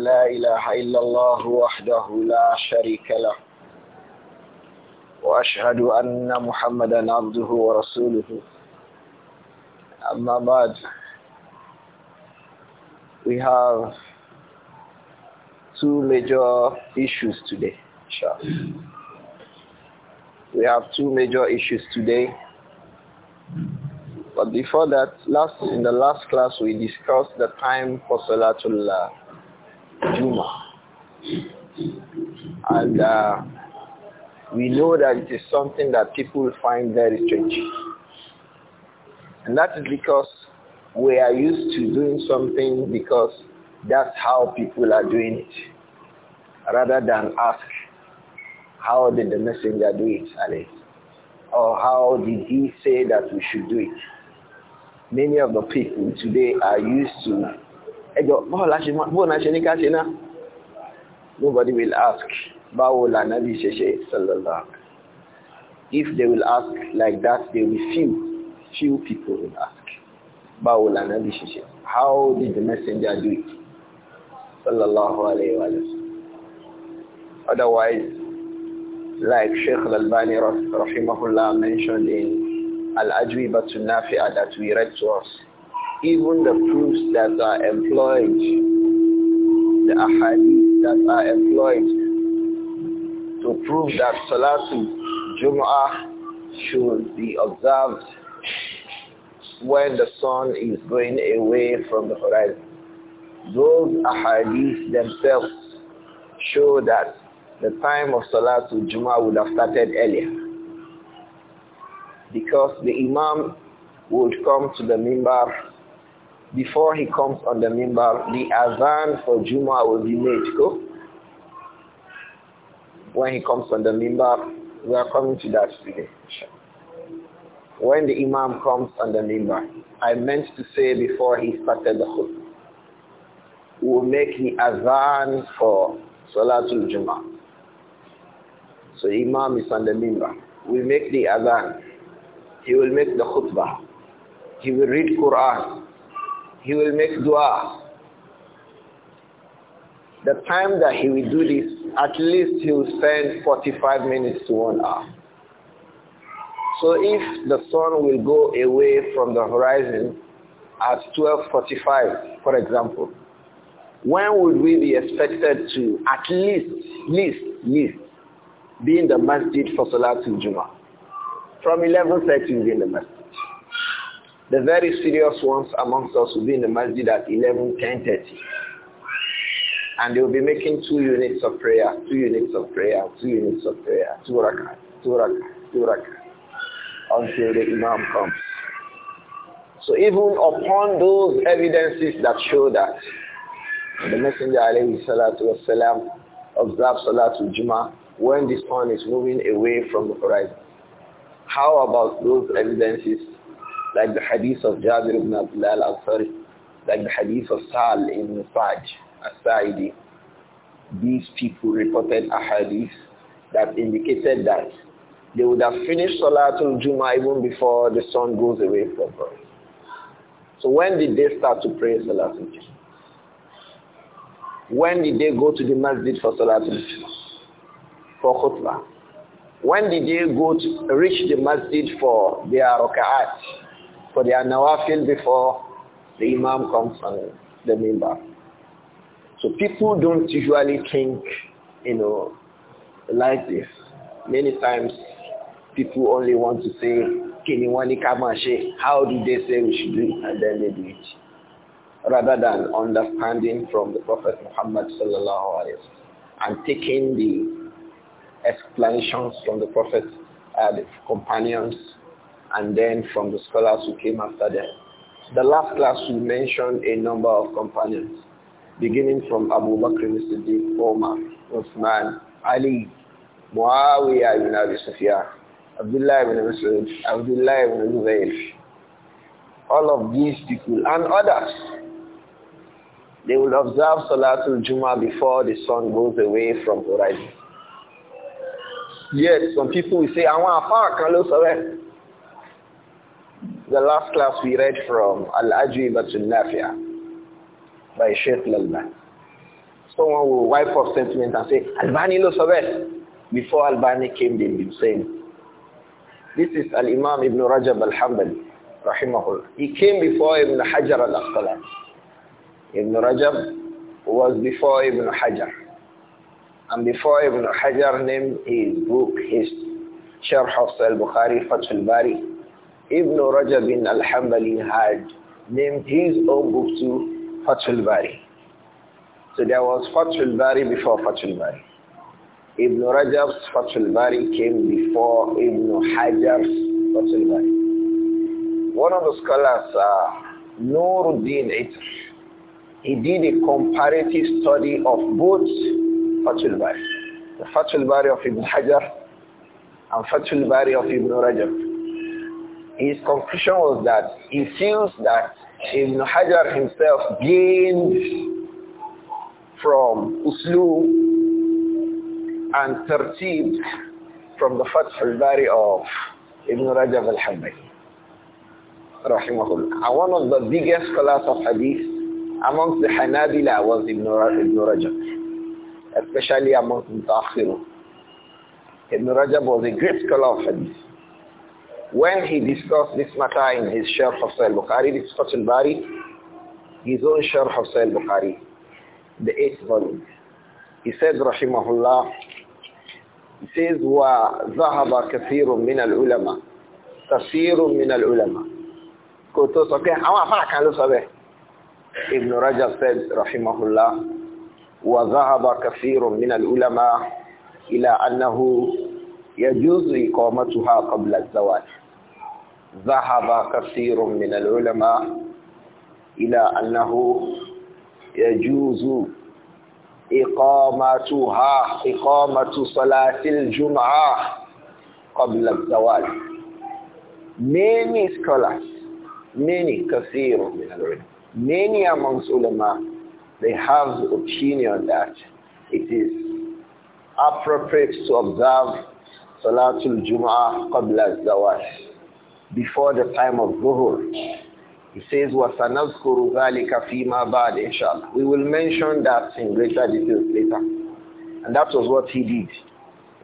لا إله إلا الله وحده لا شريك له وأشهد أن محمدا عبده ورسوله أما بعد we have two major issues today we have two major issues today but before that last in the last class we discussed the time for salatullah Juma. And uh, we know that it is something that people find very strange. And that is because we are used to doing something because that's how people are doing it. Rather than ask, how did the messenger do it, Ali? Or how did he say that we should do it? Many of the people today are used to ẹjọ́ bọ́ọ̀ náà ní káṣe náà nobody will ask báwo lànàbí ṣe ṣe sallallahu if they will ask like that they will few few people will ask báwo lànàbí ṣe ṣe how did the messenger do it sallallahu alayhi wa otherwise like Sheikh Al-Albani rahimahullah mentioned in Al-Ajwibatun Nafi'a that we read to us even the proofs that are employed, the ahadith that are employed to prove that Salatul Jum'ah should be observed when the sun is going away from the horizon. Those ahadith themselves show that the time of Salatul Jum'ah would have started earlier because the Imam would come to the mimbar before he comes on the mimbar, the azan for Juma will be made. Go. When he comes on the mimbar, we are coming to that today. When the imam comes on the mimbar, I meant to say before he started the khutbah, we will make the azan for Salatul Juma. So imam is on the mimbar. We make the azan. He will make the khutbah. He will read Quran he will make dua. The time that he will do this, at least he will spend 45 minutes to one hour. So if the sun will go away from the horizon at 12.45, for example, when would we be expected to at least, least, least, be in the masjid for Salatul Juma, From 11.30 in the masjid. The very serious ones amongst us will be in the masjid at 11, 10, 30. And they will be making two units of prayer, two units of prayer, two units of prayer, two rakah, two rakah, two rakah, until the imam comes. So even upon those evidences that show that the Messenger alayhi salatu wasalam observed Salatul Jummah when the sun is moving away from the horizon. How about those evidences like the hadith of Jabir ibn Abdullah al-Ansari, like the hadith of Sa'al ibn sa al-Sa'idi. These people reported a hadith that indicated that they would have finished Salatul Jummah even before the sun goes away from us. So when did they start to pray Salatul Jummah? When did they go to the masjid for Salatul Jummah? For khutbah. When did they go to reach the masjid for their raka'at? for their nawafil before the imam comes on the member. So people don't usually think, you know, like this. Many times people only want to say, Kiniwani Kamashe, how do they say we should do it? And then they do it. Rather than understanding from the Prophet Muhammad sallallahu alayhi wa and taking the explanations from the Prophet, uh, the companions and then from the scholars who came after them. The last class we mentioned a number of companions, beginning from Abu Bakr al-Siddiq, Omar, Uthman, Ali, Muawiyah ibn Abi Sufyan, Abdullah ibn Masud, Abdullah ibn Zubayr. All of these people and others, they will observe Salatul Jummah before the sun goes away from horizon. Yes, some people will say, I want a park, I love the last class we read from Al-Ajibatul Nafi'a by Sheikh Lalman. Someone will wipe off sentiment and say, Albani lo sabes?" Before Albani came, they've been saying. This is Al-Imam Ibn Rajab Al-Hambali, rahimahullah. He came before Ibn Hajar Al-Asqalani. Ibn Rajab was before Ibn Hajar. And before Ibn Hajar named his book, his Sharh of Sahih Bukhari, Fath al-Bari, Ibn Rajab bin al-Hambali had named his own book to Fathul Bari. So there was Fathul Bari before Fathul Bari. Ibn Rajab's Fathul Bari came before Ibn Hajar's Fathul Bari. One of the scholars, uh, Nuruddin Itr, he did a comparative study of both Fathul Bari. The Fathul Bari of Ibn Hajar and Fathul Bari of Ibn Rajab his conclusion was that he feels that Ibn Hajar himself gained from Uslu and Tartib from the Fath al-Bari of Ibn Rajab al-Hanbali. Rahimahullah. And one of the biggest scholars of Hadith amongst the Hanabila was Ibn, Ibn Rajab, especially amongst Mutakhirun. Ibn Rajab was a great scholar of Hadith. When he discussed this matter in his Sharh of Sahih Bukhari, this is Fatul Bari, his own Sharh of Sahih Bukhari, the eighth volume. He says, Rahimahullah, he says, وَذَهَبَ كَثِيرٌ مِنَ الْعُلَمَةِ كَثِيرٌ مِنَ الْعُلَمَةِ كتو tó sọ pé àwọn àfáà Ibn Rajab said, Rahimahullah, وَذَهَبَ كَثِيرٌ مِنَ الْعُلَمَةِ إِلَى أَنَّهُ يَجُوزُ إِقَامَتُهَا قَبْلَ الزَّوَاجِ ذهب كثير من العلماء إلى أنه يجوز إقامتها إقامة صلاة الجمعة قبل الزوال many scholars many كثير من العلماء many amongst ulama they have the opinion that it is appropriate to observe صلاة الجمعة قبل الزوال before the time of Zuhur. He says, وَسَنَذْكُرُ ذَلِكَ فِي مَا بَعْدِ inshallah. We will mention that in greater detail later. And that was what he did.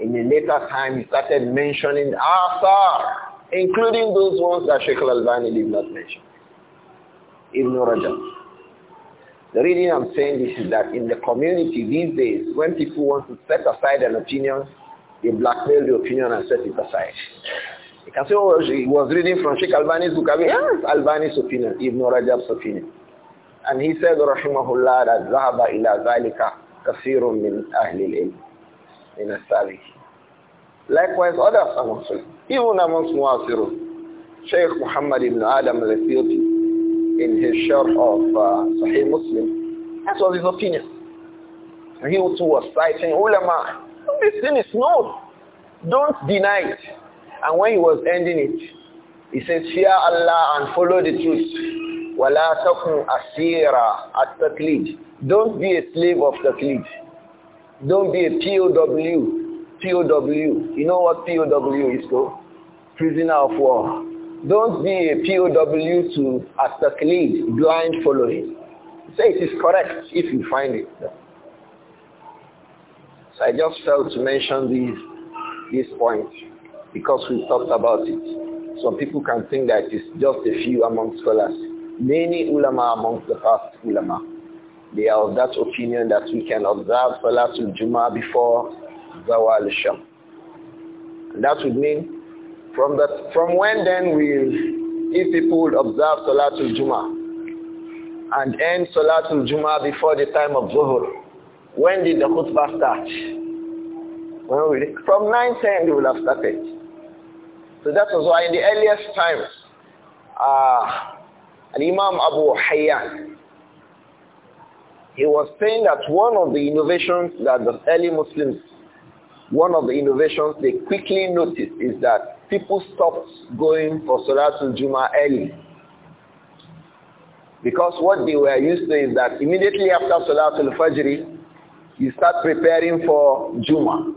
In a later time, he started mentioning Asar, including those ones that Sheikh al-Albani did not mention. Ibn Rajab. The reason I'm saying this is that in the community these days, when people want to set aside an opinion, they blackmail the opinion and set it aside. You can say, oh, he was reading from Sheikh Albani's book. I mean, ah, yes, Albani's opinion, Ibn Rajab's opinion. And he said, rahimahullah, that ذهب إلى ذلك كثير من أهل العلم من السالكين. Likewise, others amongst us, even amongst Muasirun, Sheikh Muhammad ibn Adam al-Ethiopi, in his share of uh, Sahih Muslim, that was his opinion. He too was citing ulama. This thing is known. Don't deny it. And when he was ending it, he says, fear Allah and follow the truth. وَلَا at أَسِيرًا التَّقْلِيدِ Don't be a slave of taqlid. Don't be a POW. POW. You know what POW is though? Prisoner of war. Don't be a POW to a taqlid, blind following. Say it is correct if you find it. So I just felt to mention these, these points because we talked about it. Some people can think that it's just a few among scholars. Many ulama amongst the past ulama, they are of that opinion that we can observe Salatul Jummah before Zawal Sham. And that would mean from that, from when then will if people observe Salatul Jummah and end Salatul Jummah before the time of Zuhur, when did the khutbah start? When will from 9.10 they will have started. So that was why in the earliest times, uh, Imam Abu Hayyan, he was saying that one of the innovations that the early Muslims, one of the innovations they quickly noticed is that people stopped going for Salatul Juma early. Because what they were used to is that immediately after Salatul Fajr, you start preparing for Juma.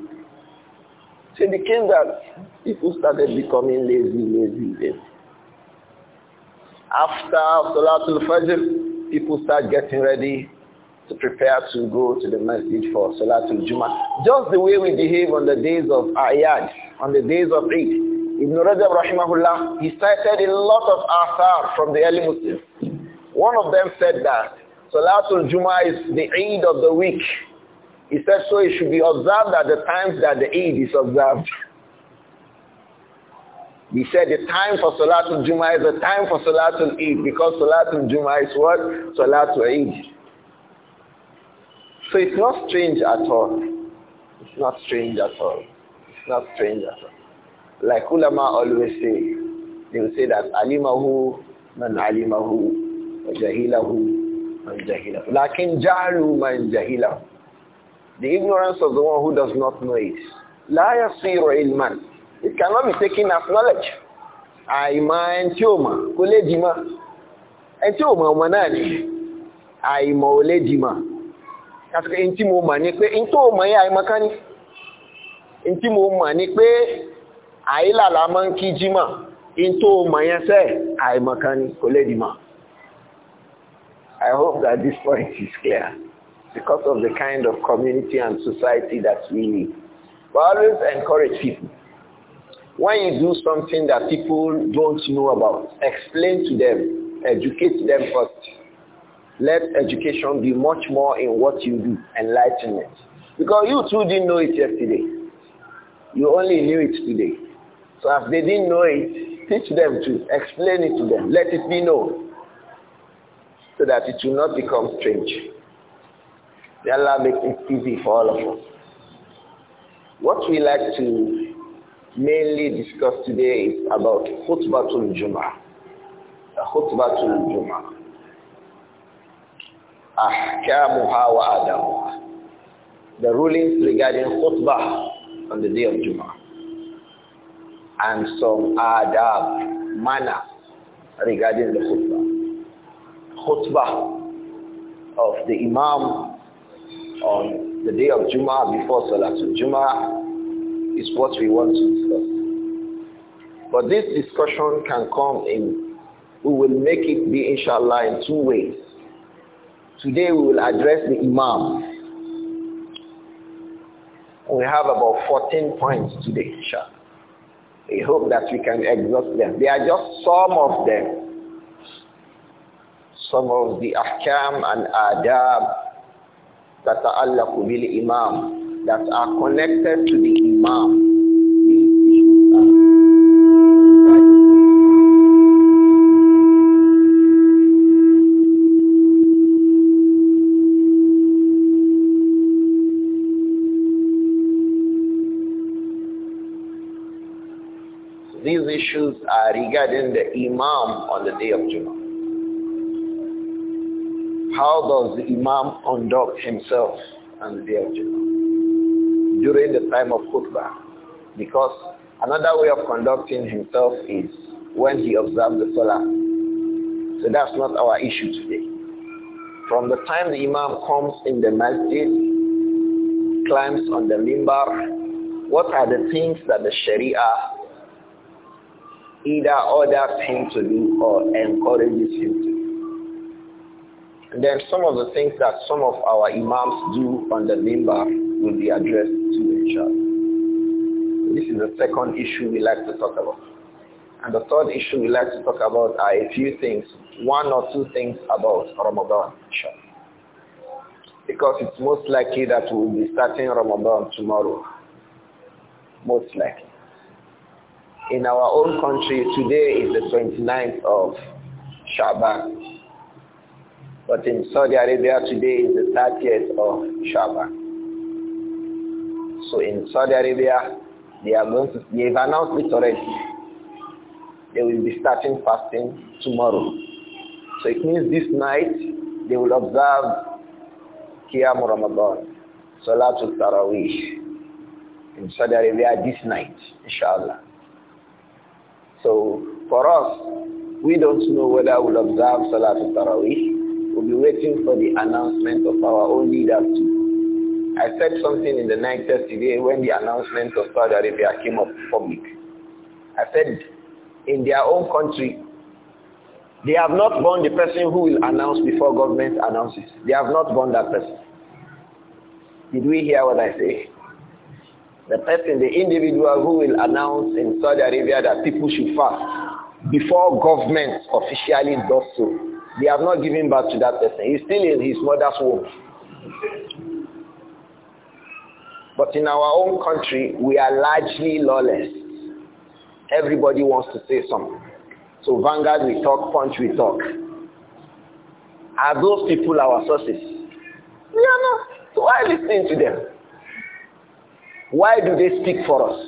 So it became that People started becoming lazy, lazy, lazy. After Salatul Fajr, people start getting ready to prepare to go to the masjid for Salatul Jummah. Just the way we behave on the days of Ayad, on the days of Eid. Ibn Rajab rahimahullah, he cited a lot of athar from the early Muslims. One of them said that Salatul Jummah is the Eid of the week. He said so it should be observed at the times that the Eid is observed. We said the time for Salatul Juma is the time for Salatul Eid because Salatul Juma is what? Salatul Eid. So it's not strange at all. It's not strange at all. It's not strange at all. Like ulama always say, they will say that alimahu man alimahu wa jahilahu man jahilahu. Lakin jahalu man jahilahu. The ignorance of the one who does not know it. La yasiru ilman. It cannot be taken as knowledge. Àìmọ̀ ẹni tí ò mọ̀ kò lè di mọ̀. Ẹni tí ò mọ̀ ọmọ náà ni àìmọ̀ ò lè di mọ̀. Kàtàkì tí mo mọ̀ ni pé ẹni tó mọ̀ yẹ àìmọ̀ kan ni. Ẹni tí mo mọ̀ ni pé àìlà la máa ń kí jímọ̀. Ẹni tó mọ̀ yẹn sẹ́ àìmọ̀ kan ni kò lè di I hope that this point is clear because of the kind of community and society that we need. We always encourage people. When you do something that people don't know about, explain to them, educate them first. Let education be much more in what you do, enlightenment. Because you too didn't know it yesterday. You only knew it today. So if they didn't know it, teach them to explain it to them. Let it be known so that it will not become strange. May Allah make it easy for all of us. What we like to mainly discussed today is about khutbatul jum'ah. Khutbatul jum'ah. Ahkamuha wa adamuha. The rulings regarding khutbah on the day of Jum'ah. And some adab, manner regarding the khutbah. Khutbah of the imam on the day of Jum'ah before Salatul Jum'ah is what we want to discuss. But this discussion can come in, we will make it be inshallah in two ways. Today we will address the Imam. We have about 14 points today, inshallah. We hope that we can exhaust them. They are just some of them. Some of the ahkam and adab that ta'allaku bil imam that are connected to the Imam. These issues are regarding the Imam on the day of Jummah how does the imam conduct himself on the day of judgment? during the time of khutbah. Because another way of conducting himself is when he observes the salah. So that's not our issue today. From the time the imam comes in the masjid, climbs on the Limbar, what are the things that the sharia either orders him to do or encourages him to do? And then some of the things that some of our imams do on the Limbar will be addressed this is the second issue we like to talk about. And the third issue we like to talk about are a few things, one or two things about Ramadan, inshallah. Because it's most likely that we'll be starting Ramadan tomorrow. Most likely. In our own country, today is the 29th of Shaban. But in Saudi Arabia, today is the 30th of Shaban. So in Saudi Arabia, they are going to, they've announced it already. They will be starting fasting tomorrow. So it means this night, they will observe Qiyam Ramadan, Salatul Taraweeh in Saudi Arabia this night, inshallah. So for us, we don't know whether we'll observe Salatul Taraweeh. We'll be waiting for the announcement of our own leaders I said something in the night yesterday when the announcement of Saudi Arabia came up public. I said, in their own country, they have not gone the person who will announce before government announces. They have not gone that person. Did we hear what I say? The person, the individual who will announce in Saudi Arabia that people should fast before government officially does so. They have not given birth to that person. He's still in his mother's womb. But in our own country, we are largely lawless. Everybody wants to say something. So Vanguard, we talk. Punch, we talk. Are those people our sources? We are not. So why listen to them? Why do they speak for us?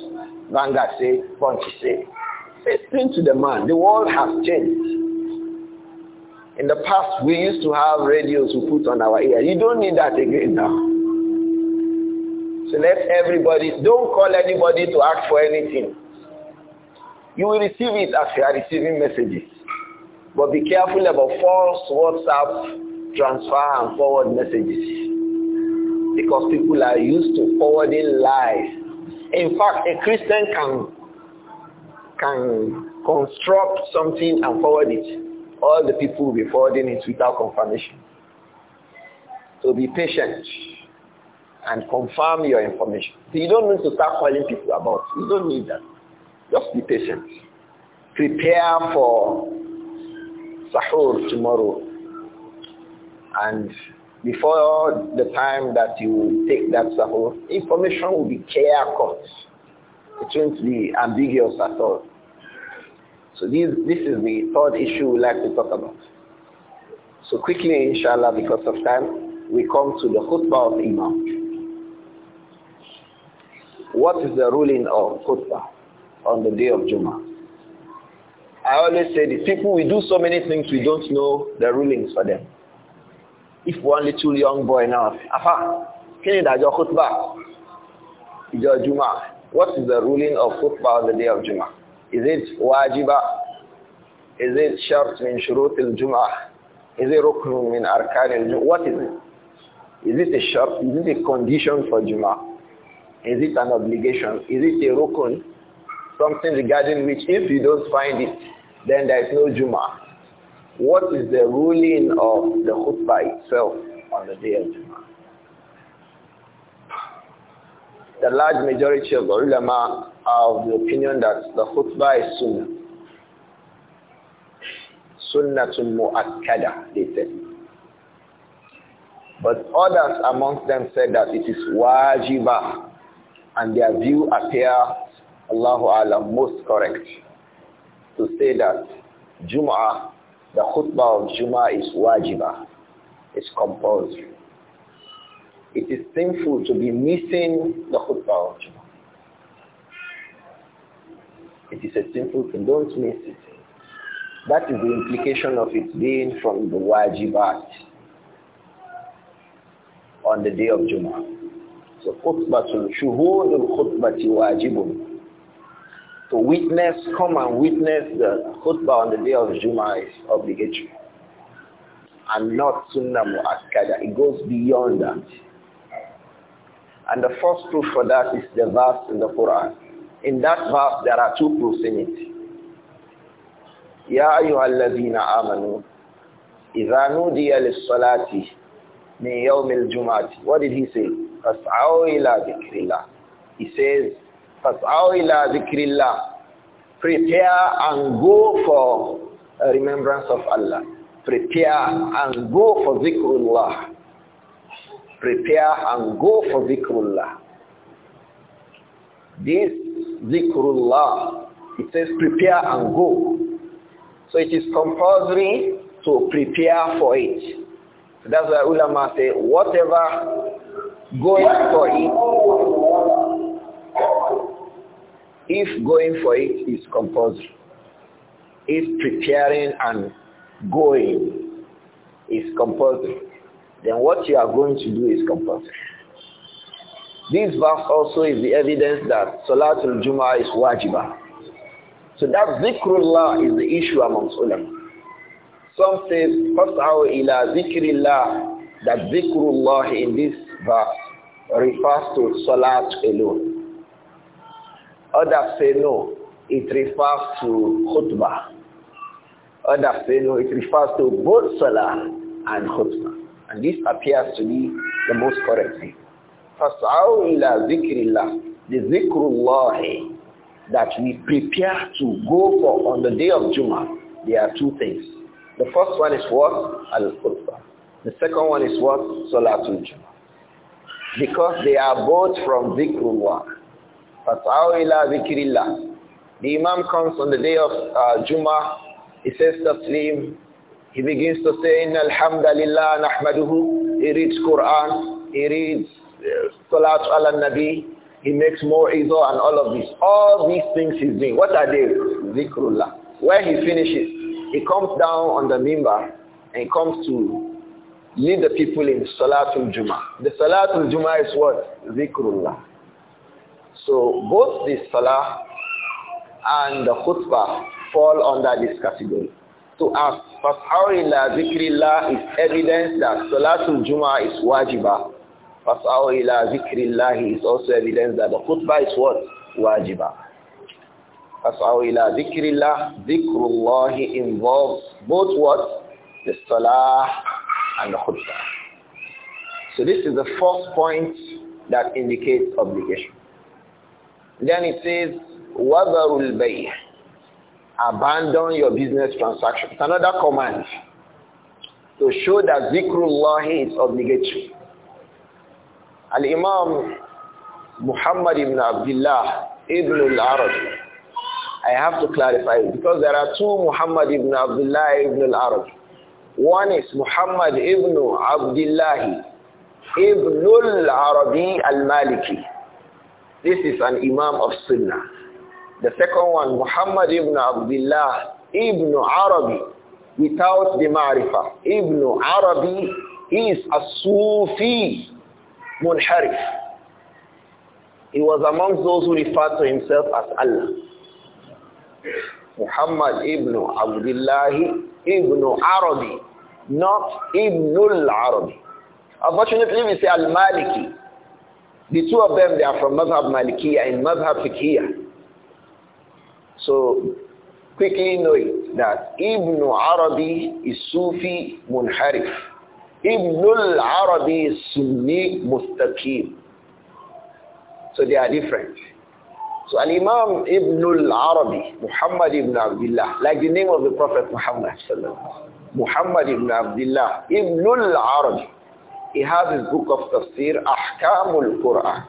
Vanguard say, Punch say. Listen to the man. The world has changed. In the past, we used to have radios we put on our ear. You don't need that again now. So let everybody, don't call anybody to ask for anything. You will receive it as you are receiving messages. But be careful about false WhatsApp transfer and forward messages. Because people are used to forwarding lies. In fact, a Christian can, can construct something and forward it. All the people will be forwarding it without confirmation. So be patient and confirm your information. So you don't need to start calling people about. You don't need that. Just be patient. Prepare for sahur tomorrow. And before the time that you take that sahur, information will be clear cut. It won't be ambiguous at all. So this, this is the third issue we like to talk about. So quickly, inshallah, because of time, we come to the khutbah of Imam. What is the ruling of khutbah on the day of Jummah? I always say the people, we do so many things, we don't know the rulings for them. If one little young boy now, Aha, can you khutbah? Your Jummah. What is the ruling of khutbah on the day of Jummah? Is it wajiba? Is it shart min shurut al-Jum'ah? Is it rukn min arkan al-Jum'ah? What is it? Is it a shart? Is it a condition for Jum'ah? Is it an obligation? Is it a rukun? Something regarding which if you don't find it, then there is no Juma. What is the ruling of the khutbah itself on the day of Juma? The large majority of the ulama are of the opinion that the khutbah is sunnah. Sunnatul mu'akkada, they said. But others amongst them said that it is wajibah and their view appear, Allahu Alam, most correct to say that Jum'ah, the khutbah of Jum'ah is wajibah, is compulsory. It is sinful to be missing the khutbah of Jum'ah. It is a sinful thing, don't miss it. That is the implication of it being from the wajibat on the day of Jum'ah. So khutbatun, shuhudul khutbati wajibun. To witness, come and witness the khutbah on the day of Jummah is obligatory. And not sunnah mu'akkada. It goes beyond that. And the first proof for that is the verse in the Quran. In that verse, there are two proofs in it. يَا أَيُّهَا الَّذِينَ آمَنُوا إِذَا نُودِيَ لِلصَّلَاةِ مِنْ يَوْمِ الْجُمَعَةِ What did he say? Fas'au ila dhikrillah. He says, Fas'au ila dhikrillah. Prepare and go for remembrance of Allah. Prepare and go for zikrullah. Prepare and go for zikrullah. This zikrullah, it says prepare and go. So it is compulsory to prepare for it. That's why ulama say, whatever going for it, if going for it is compulsory, if preparing and going is compulsory, then what you are going to do is compulsory. This verse also is the evidence that Salatul Jummah is wajibah. So that zikrullah is the issue amongst ulama. Some say, فَاسْعَوْا ila ذِكْرِ that zikrullah in this verse refers to salat alone. Others say no, it refers to khutbah. Others say no, it refers to both salah and khutbah. And this appears to be the most correct thing. فَاسْعَوْا إِلَى ذِكْرِ اللَّهِ The zikrullah that we prepare to go for on the day of Jummah, there are two things. The first one is what? Al-Khutbah. The second one is what? Salatul Jummah. Because they are both from Zikrullah. Fat'aw ila Zikrillah. The Imam comes on the day of uh, Jummah. He says Taslim. He begins to say, Inna alhamdulillah nahmaduhu. He reads Quran. He reads uh, Salat ala Nabi. He makes more Izzah and all of this. All these things he's doing. What are they? Zikrullah. When he finishes, he comes down on the mimbar and comes to lead the people in Salatul Jummah. The Salatul Jummah is what? Zikrullah. So both the Salah and the Khutbah fall under this category. To ask, Fas'aw ila zikrillah is evidence that Salatul Jummah is wajibah. Fas'aw ila zikrillah is also evidence that the Khutbah is what? Wajibah. Fas'aw ila zikrillah, zikrullahi involves both what? The Salah and the khutbah. So this is the first point that indicates obligation. Then it says, وَذَرُ الْبَيْهِ Abandon your business transaction. It's another command to show that zikrullah is obligatory. Al-Imam Muhammad ibn Abdullah ibn al-Arabi I have to clarify because there are two Muhammad ibn Abdullah ibn al-Arabi. One is Muhammad ibn Abdullah ibn al-Arabi al-Maliki. This is an Imam of Sunnah. The second one, Muhammad ibn Abdullah ibn Arabi without the Ma'rifah. Ibn Arabi is a Sufi munharif. He was amongst those who referred to himself as Allah. Muhammad ibn Abdullah ibn Arabi, not Ibn al-Arabi. Unfortunately, we say al-Maliki. The two of them, they are from Madhab Malikiya and Madhab Fiqhiya. So, quickly it that Ibn Arabi is Sufi Munharif. Ibn al-Arabi is Sunni Mustaqim. So they are different. So an Imam Ibn al-Arabi, Muhammad Ibn Abdullah, like the name of the Prophet Muhammad Muhammad Ibn Abdullah, Ibn al-Arabi, he has his book of tafsir, Al Quran.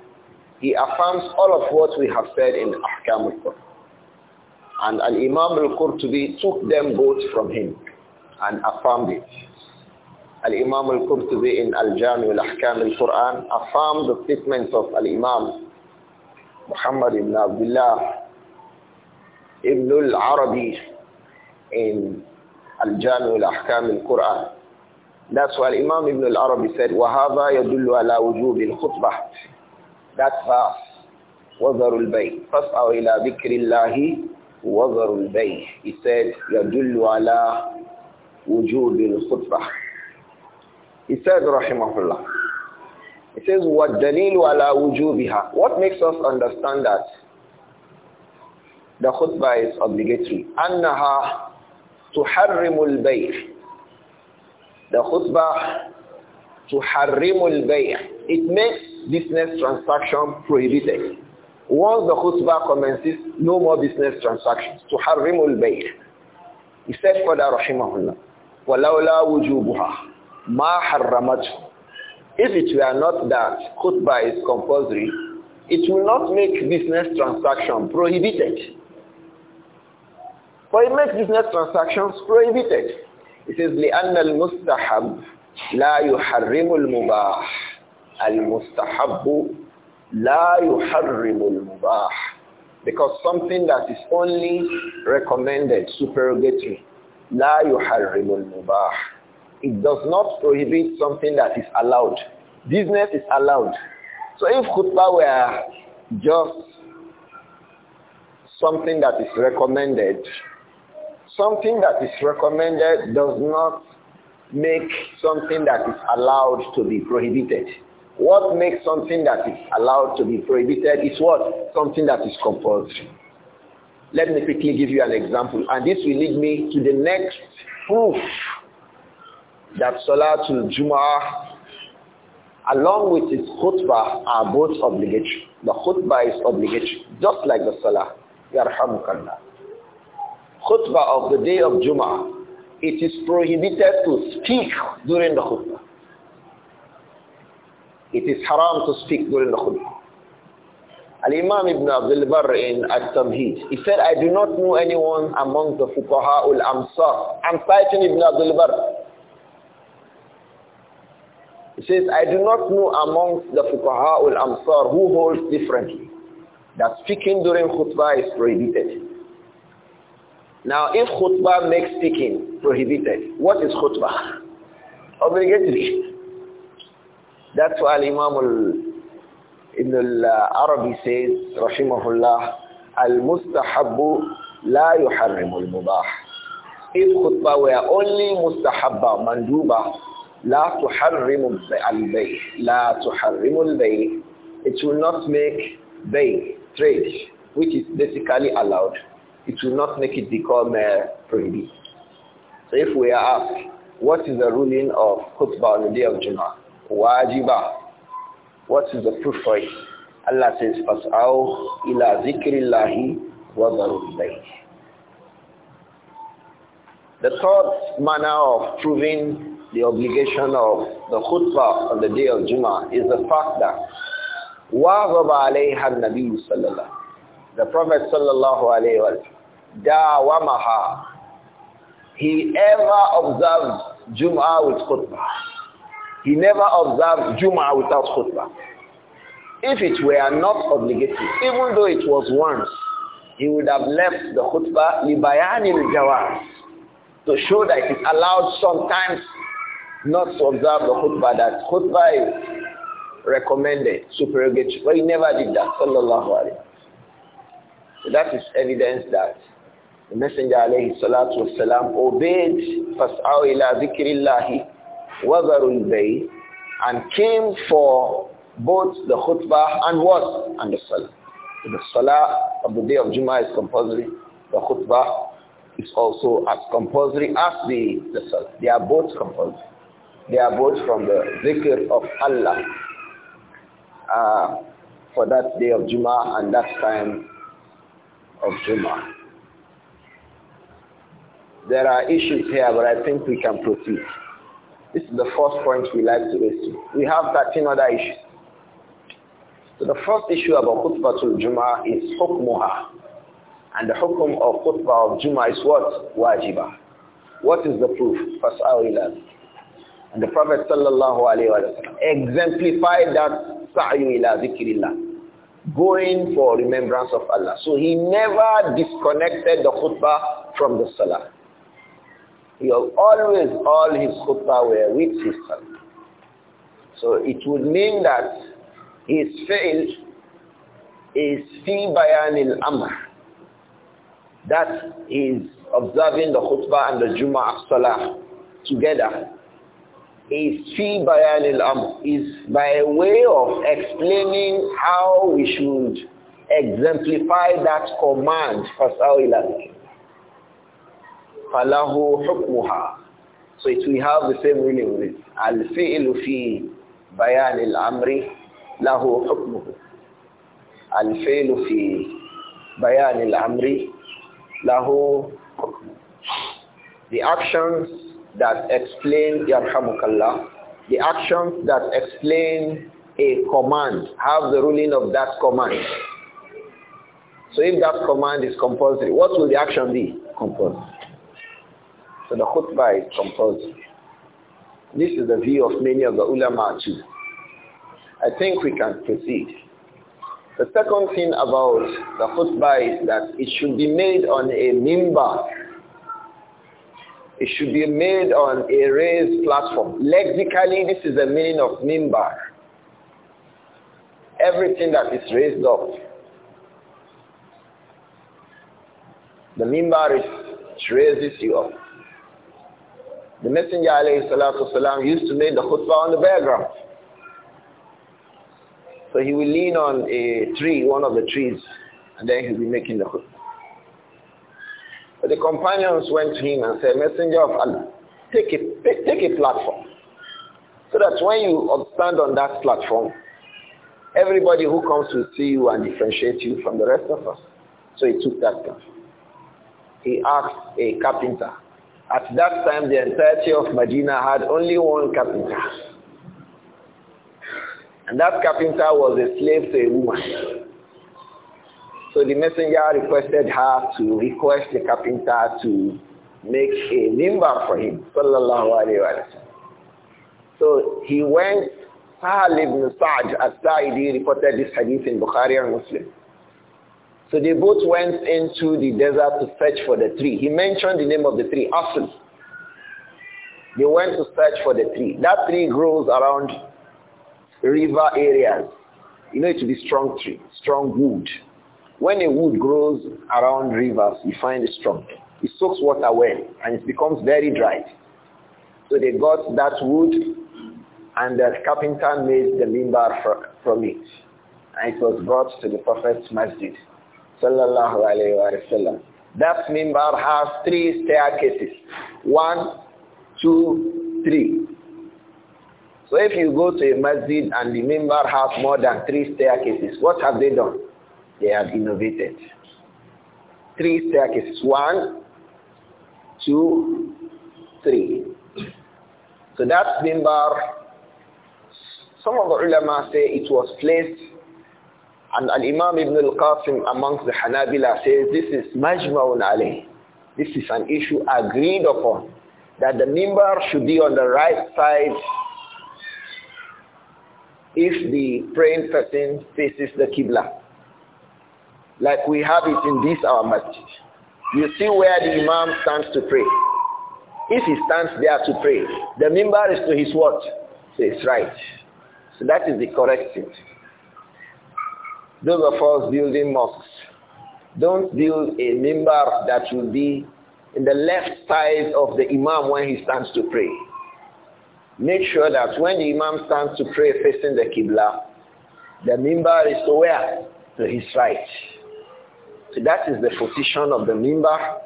He affirms all of what we have said in Al Quran. And an imam Al-Qurtubi took them both from him and affirmed it. Al-Imam Al-Qurtubi in Al-Jami Al-Ahkam Al-Quran affirmed the statements of Al-Imam Muhammad ibn Abdullah ibn al-Arabi in al الأحكام القرآن ahkam al-Qur'an. That's why Imam Ibn al-Arabi said, وَهَذَا يَدُلُّ عَلَى وُجُوبِ الْخُطْبَةِ That verse, وَذَرُ الْبَيْتِ فَاسْعَوْا إِلَى ذِكْرِ اللَّهِ وَذَرُ الْبَيْتِ He said, يَدُلُّ عَلَى وُجُوبِ الْخُطْبَةِ He said, رحمه الله, It says, وَالدَّلِيلُ عَلَى وُجُوبِهَا What makes us understand that the khutbah is obligatory? أَنَّهَا تُحَرِّمُ الْبَيْعِ The khutbah تُحَرِّمُ الْبَيْعِ It makes business transaction prohibited. Once the khutbah commences, no more business transactions. تُحَرِّمُ الْبَيْعِ He said for the رحمه الله, وَلَوْلَا وُجُوبُهَا مَا حَرَّمَتْهُ if it were not that khutbah is compulsory, it will not make business transaction prohibited. For it makes business transactions prohibited. It says, لِأَنَّ الْمُسْتَحَبُ لَا يُحَرِّمُ الْمُبَاحِ الْمُسْتَحَبُ لَا يُحَرِّمُ الْمُبَاحِ Because something that is only recommended, supererogatory, لَا يُحَرِّمُ الْمُبَاحِ it does not prohibit something that is allowed. Business is allowed. So if khutbah were just something that is recommended, something that is recommended does not make something that is allowed to be prohibited. What makes something that is allowed to be prohibited is what? Something that is compulsory. Let me quickly give you an example, and this will lead me to the next proof that Salatul Jum'ah along with its khutbah are both obligatory. The khutbah is obligatory, just like the salah. Yarhamukallah. Khutbah of the day of Jum'ah, it is prohibited to speak during the khutbah. It is haram to speak during the khutbah. Al-Imam Ibn Abdul Barr in At-Tamheed, he said, I do not know anyone among the fuqaha ul-amsar. I'm citing Ibn Abdul Barr he says, I do not know amongst the fuqaha ul amsar who holds differently that speaking during khutbah is prohibited. Now, if khutbah makes speaking prohibited, what is khutbah? Obligatory. That's why Imam Ibn al-Arabi says, rahimahullah, al mustahabu la yuharrimul mubah. If khutbah were only mustahabba, manduba, لا تحرم البيع لا تحرم البيع it will not make bay trade which is basically allowed it will not make it become uh, prohibited so if we are asked what is the ruling of khutbah on the day of Jummah wajiba what is the proof for it Allah says fas'au ila zikrillahi wa dharul bayt the third manner of proving the obligation of the khutbah on the day of Jummah is the fact that وَغَبَ عَلَيْهَا النَّبِيُّ صَلَّى اللَّهُ The Prophet sallallahu alayhi wa dawamaha. He ever observed Jum'ah with khutbah. He never observed Jum'ah without khutbah. If it were not obligatory, even though it was once, he would have left the khutbah libayanil jawaz to show that it is allowed sometimes not to observe the khutbah that khutbah is recommended, supererogatory. But he never did that, sallallahu So that is evidence that the Messenger alayhi salatu wasalam obeyed فَاسْعَوْا إِلَىٰ ذِكْرِ اللَّهِ Bay and came for both the khutbah and what? And the salah. The salah of the day of Jummah is compulsory. The khutbah is also as compulsory as the, the salah. They are both compulsory. They are both from the zikr of Allah uh, for that day of Juma and that time of Juma. There are issues here, but I think we can proceed. This is the first point we like to raise. We have 13 other issues. So the first issue about khutbatul Jum'ah is hukmuha. And the hukm of khutbah of Jum'ah is what? Wajiba. What is the proof? Fas'awilat. And the Prophet sallallahu alayhi wa sallam exemplified that sa'yu ila zikrillah, going for remembrance of Allah. So he never disconnected the khutbah from the salah. He always, all his khutbah were with his salah. So it would mean that his fail is fi bayan That is observing the khutbah and the Jum'ah salah together is fi bayanil amr is by way of explaining how we should exemplify that command fasaw ila falahu hukmuha so it we have the same meaning with al fi'lu fi bayanil amri lahu hukmuhu al fi'lu fi bayanil amri lahu the actions that explain yarhamukallah, the actions that explain a command, have the ruling of that command. So if that command is compulsory, what will the action be? Compulsory. So the khutbah is compulsory. This is the view of many of the ulama too. I think we can proceed. The second thing about the khutbah is that it should be made on a mimbar it should be made on a raised platform. Lexically, this is the meaning of mimbar. Everything that is raised up. The mimbar is, raises you up. The Messenger والسلام, used to make the khutbah on the background. So he will lean on a tree, one of the trees, and then he'll be making the khutbah the companions went to him and said, Messenger of Allah, take a, take, take a platform. So that when you stand on that platform, everybody who comes will see you and differentiate you from the rest of us. So he took that platform. He asked a carpenter. At that time, the entirety of Medina had only one carpenter. And that carpenter was a slave to a woman. So the messenger requested her to request the carpenter to make a nimba for him. Sallallahu alayhi wa So he went, Sahal ibn Sa'd al-Sa'idi reported this hadith in Bukhari and Muslim. So they both went into the desert to search for the tree. He mentioned the name of the tree, Asl. They went to search for the tree. That tree grows around river areas. You know, it's a strong tree, strong wood. When a wood grows around rivers, you find it strong. It soaks water well and it becomes very dry. So they got that wood and the carpenter made the limbar from it. And it was brought to the Prophet's masjid. Sallallahu alayhi wa That mimbar has three staircases. One, two, three. So if you go to a masjid and the mimbar has more than three staircases, what have they done? They have innovated. Three staircases. One, two, three. So that member, some of the ulama say it was placed and Al-Imam Ibn Al-Qasim amongst the Hanabila says this is majma'un alayh. This is an issue agreed upon that the member should be on the right side if the praying person faces the Qibla like we have it in this our masjid. You see where the imam stands to pray. If he stands there to pray, the member is to his what? it's right. So that is the correct thing. Those of us building mosques, don't build a member that will be in the left side of the imam when he stands to pray. Make sure that when the imam stands to pray facing the Qibla, the member is to where? To his right. So that is the position of the mimbar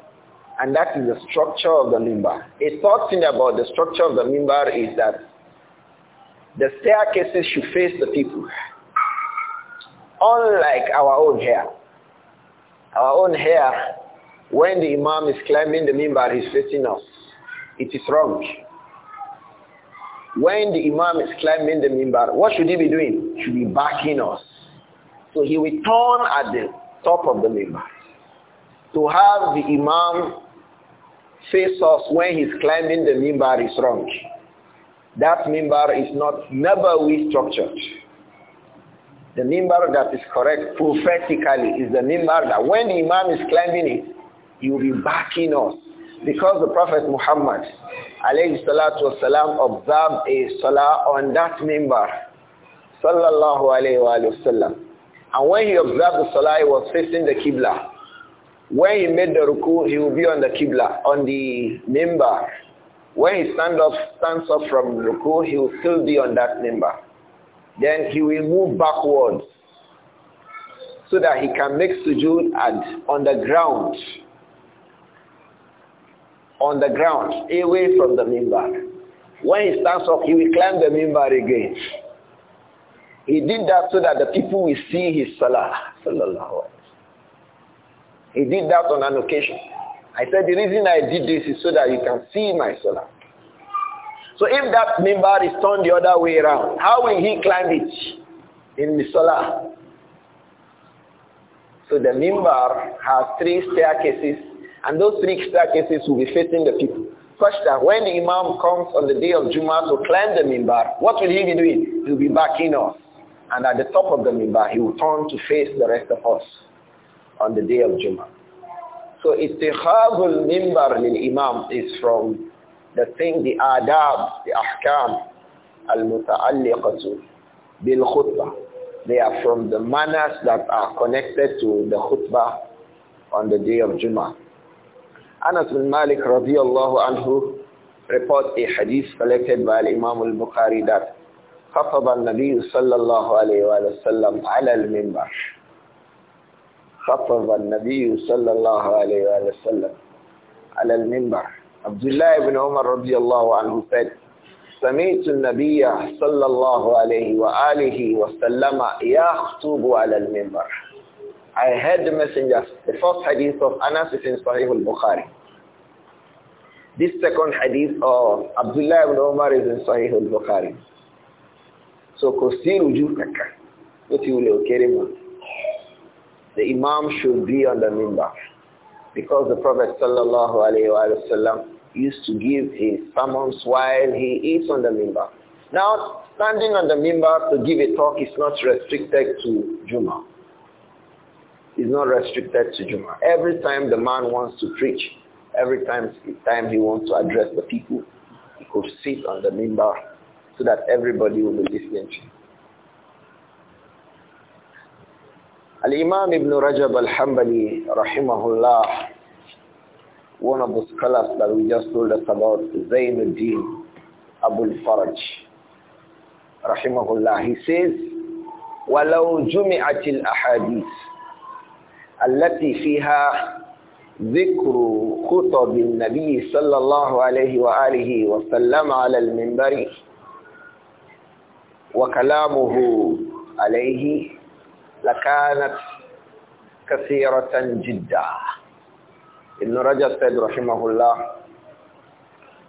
and that is the structure of the mimbar. A third thing about the structure of the mimbar is that the staircases should face the people. Unlike our own hair. Our own hair, when the imam is climbing the mimbar, he's facing us. It is wrong. When the imam is climbing the mimbar, what should he be doing? He should be backing us. So he will turn at the top of the minbar. To have the imam face us when he's climbing the minbar is wrong. That minbar is not nabawi structured. The minbar that is correct prophetically is the minbar that when the imam is climbing it, he will be backing us. Because the Prophet Muhammad alayhi salatu wasalam observed a salah on that minbar. Sallallahu alayhi wa sallam. And when he observed the salah, he was facing the Qibla. When he made the ruku, he will be on the Qibla, on the mimbar. When he stand up, stands up from ruku, he will still be on that mimbar. Then he will move backwards so that he can make sujood and on the ground. On the ground, away from the mimbar. When he stands up, he will climb the mimbar again. He did that so that the people will see his salah. He did that on an occasion. I said the reason I did this is so that you can see my salah. So if that member is turned the other way around, how will he climb it in the salah? So the member has three staircases and those three staircases will be facing the people Question: when the imam comes on the day of Jummah to climb the mimbar, what will he be doing? He'll be backing us. And at the top of the mimbar, he will turn to face the rest of us on the day of Jummah. So istikhabul mimbar lil imam is from the thing, the adab, the ahkam, al-muta'alliqatu bil khutbah. They are from the manners that are connected to the khutbah on the day of Jummah. Anas bin Malik radiallahu anhu reports a hadith collected by Imam al-Bukhari that خطب النبي صلى الله عليه وسلم على المنبر خطب النبي صلى الله عليه وسلم على المنبر عبد الله بن عمر رضي الله عنه قال: سمعت النبي صلى الله عليه وآله وسلم يخطب على المنبر I heard the messengers the first hadith of Anas is in Sahih al-Bukhari This second hadith of Abdullah ibn Umar is in Sahih al-Bukhari so kò sí the imam should be on the minbar because the prophet sallallahu alayhi wa sallam used to give his sermons while he is on the minbar now standing on the minbar to give a talk is not restricted to Juma It's not restricted to Juma every time the man wants to preach every time time he wants to address the people he could sit on the minbar so that everybody will be listening to. Al-Imam Ibn Rajab al-Hambali, rahimahullah, one of the scholars that we just told us about, Zainuddin Abu al-Faraj, rahimahullah, he says, وَلَوْ جُمِعَتِ الْأَحَادِيثِ التي فيها ذكر خطب النبي صلى الله عليه وآله وسلم على المنبر وكلامه عليه لكانت كثيرة جدا ابن رجب سيد رحمه الله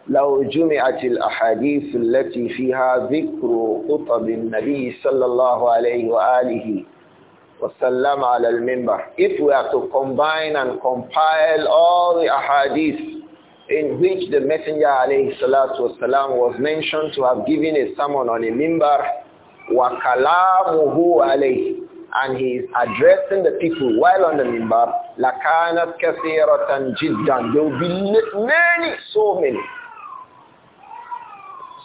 لو جمعت الأحاديث التي فيها ذكر قطب النبي صلى الله عليه وآله وسلم على المنبر if we are to combine and compile all the ahadith in which the Messenger والسلام, was mentioned to have given a sermon on a mimbar, وَكَلَامُهُ عَلَيْهِ and he is addressing the people while on the mimbar, لَكَانَتْ كَثِيرَةً جِدًّا There will be many, so many.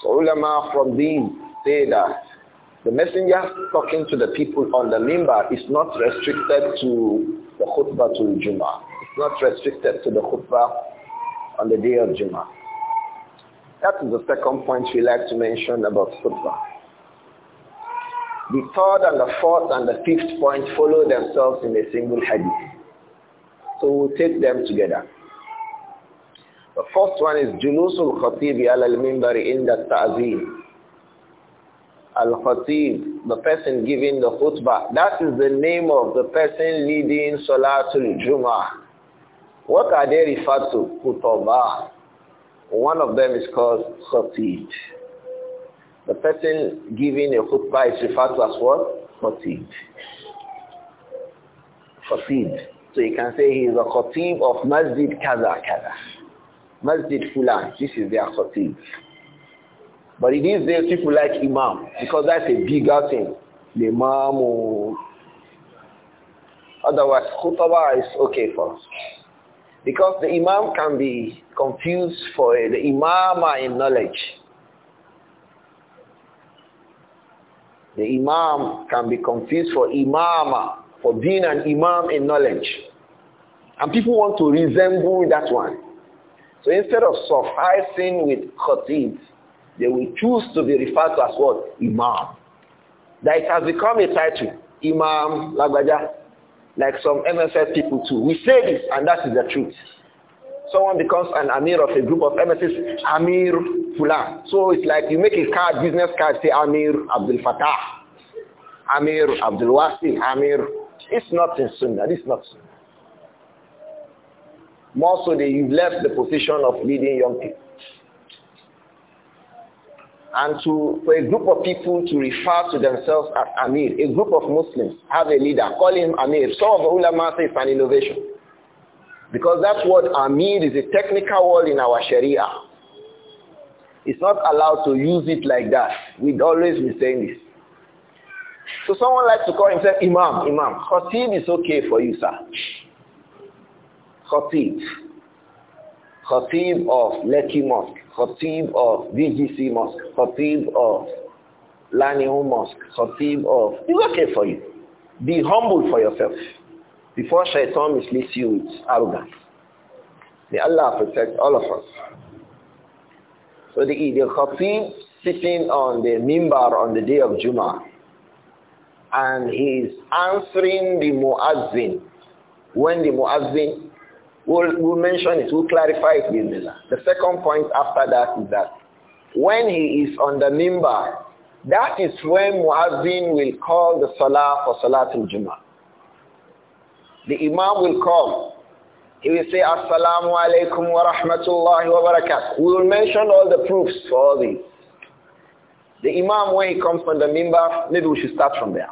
So ulama from these say that the messenger talking to the people on the mimbar is not restricted to the khutbah to Jummah. It's not restricted to the khutbah on the day of Jummah. That is the second point we like to mention about khutbah. The third and the fourth and the fifth point follow themselves in a single hadith. So we'll take them together. The first one is Julusul Khatib ala al-Mimbari in the Ta'zim. Al-Khatib, the person giving the khutbah. That is the name of the person leading Salatul Jummah. What are they referred to? Kutaba. One of them is called Khatib. The person giving a khutbah is referred to as what? Khatib. Khatib. So you can say he is a Khatib of Masjid Kaza Kaza. Masjid Fulan. This is their Khatib. But in these days, people like Imam because that's a bigger thing. The Imam or... Oh. Otherwise, khutbah is okay for us. Because the imam can be confused for eh, the imama in knowledge. The imam can be confused for imama, for being an imam in knowledge. And people want to resemble that one. So instead of sufficing with khatib, they will choose to be referred to as what? Imam. That it has become a title. Imam Lagbaja, like some MSF people too. We say this and that is the truth. Someone becomes an Amir of a group of MSFs, Amir Fulan. So it's like you make a card, business card, say Amir Abdul Fatah, Amir Abdul Wasi, Amir. It's not in Sunnah. It's not Sunnah. More so, they, you've left the position of leading young people and to, for a group of people to refer to themselves as Amir, a group of Muslims have a leader, call him Amir. Some of the ulama say it's an innovation. Because that's what Amir is a technical word in our Sharia. It's not allowed to use it like that. We'd always be saying this. So someone likes to call himself Imam, Imam. Khatib is okay for you, sir. Khatib. Khatib of Lekki Mosque, Khatib of VGC Mosque, Khatib of Lanihu Mosque, Khatib of... It's okay for you. Be humble for yourself before shaitan misleads you with arrogance. May Allah protect all of us. So the, the khatib sitting on the mimbar on the day of Jummah and he is answering the muazzin when the muazzin We'll, we'll mention it. We'll clarify it with Mila. The second point after that is that when he is on the mimbar, that is when Muazzin will call the Salah for Salatul Jummah. The Imam will come. He will say, Assalamu alaikum wa rahmatullahi wa barakatuh. We will mention all the proofs for all these. The Imam, when he comes on the mimbar, maybe we should start from there.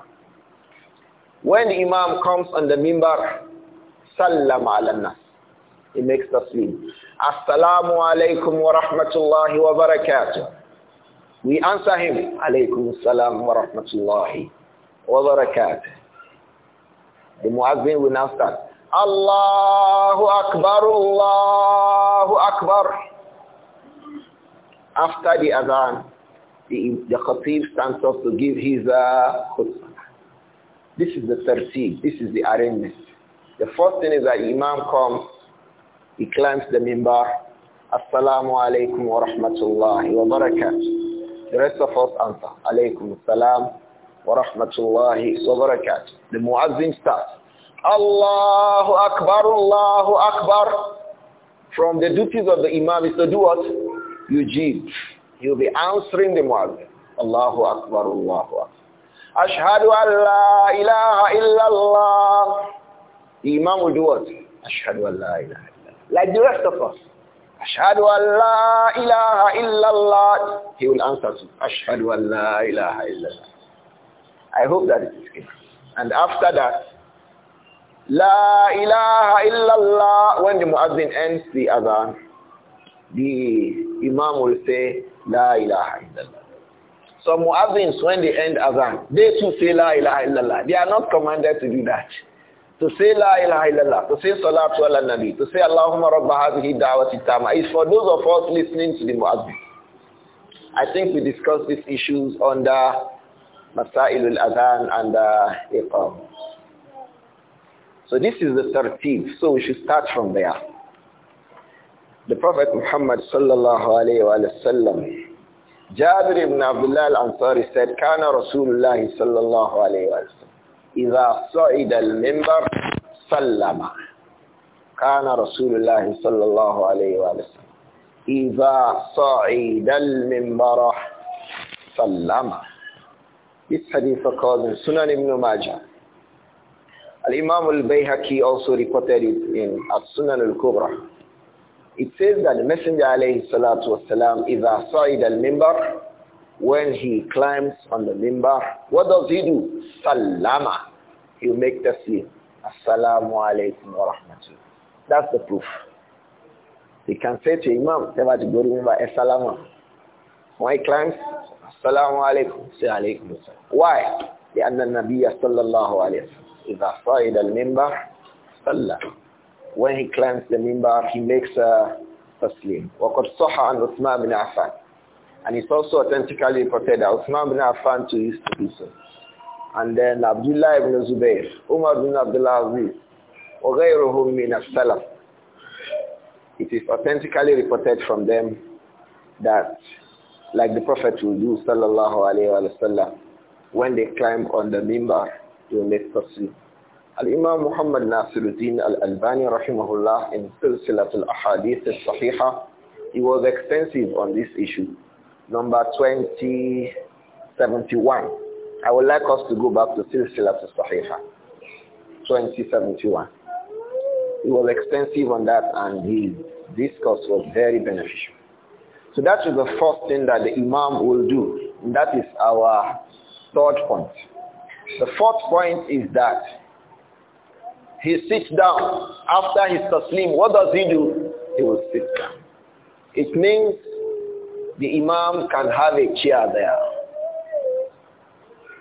When the Imam comes on the mimbar, Sallam ala nas. He makes taslim. Assalamu alaykum wa rahmatullahi wa barakatuh. We answer him, alaykum assalam wa rahmatullahi wa barakatuh. The muazzin will now start. Allahu Akbar, Allahu Akbar. After the adhan, the, the khatib stands up to give his uh, khutbah. This is the tartib, this is the arrangement. The first thing is that Imam comes he climbs the mimbar. Assalamu alaikum wa rahmatullahi wa barakatuh. The rest of us answer. Alaikum assalam wa rahmatullahi wa barakatuh. The muazzin starts. Allahu Akbar, Allahu Akbar. From the duties of the imam is to do what? Yujib. He'll be answering the muazzin. Allahu Akbar, Allahu Akbar. Ashhadu an la ilaha illallah. The imam will do what? Ashhadu an la ilaha like the rest of us. Ashhadu an ilaha illallah. He will answer to Ashhadu an ilaha illallah. I hope that it is clear. And after that, La ilaha illallah. When the muazzin ends the adhan, the imam will say La ilaha illallah. Some muazzins, when they end adhan, they too say La ilaha illallah. They are not commanded to do that. To say La ilaha illallah, to say Salatu ala Nabi, to say Allahumma rabba hadhihi da'wati tama is for those of us listening to the Muazzin. I think we discussed these issues under masailul al-Adhan and uh, Iqam. So this is the 13th, so we should start from there. The Prophet Muhammad sallallahu alayhi wa sallam, Jabir ibn Abdullah al-Ansari said, "Kana Rasulullah sallallahu صلى الله عليه إذا صعد المنبر سلم كان رسول الله صلى الله عليه وسلم إذا صعد المنبر سلم This hadith occurs in Sunan ibn Majah. Al-Imam al-Bayhaqi also reported it in As-Sunan al-Kubra. It says that the Messenger alayhi salatu wasalam, إِذَا صَعِدَ الْمِنْبَرِ when he climbs on the limbar, what does he do? Salama. he makes make the seal. Assalamu alaikum wa rahmatullah. That's the proof. He can say to Imam, never to go remember Assalamu. Eh, when he climbs, Assalamu alaikum. Say alaikum Why? لأن النبي صلى الله عليه وسلم إذا صعد المنبر صلى. When he climbs the minbar, he makes a taslim. وقد صح عن عثمان بن عفان and it's also authentically reported that Uthman bin Affan too used to do so. And then Abdullah ibn Zubayr, Umar bin Abdullah Aziz, وغيرهم As-Sallam. السلف. It is authentically reported from them that, like the Prophet will do, sallallahu alayhi when they climb on the mimbar to make taslim. Al-Imam Muhammad Nasiruddin Al-Albani rahimahullah in Silsilat Al-Ahadith Al-Sahihah, he was extensive on this issue number 2071. I would like us to go back to Silsila to Sahiha, 2071. It was extensive on that and his discourse was very beneficial. So that is the first thing that the Imam will do. And that is our third point. The fourth point is that he sits down. After his taslim, what does he do? He will sit down. It means the imam can have a chair there.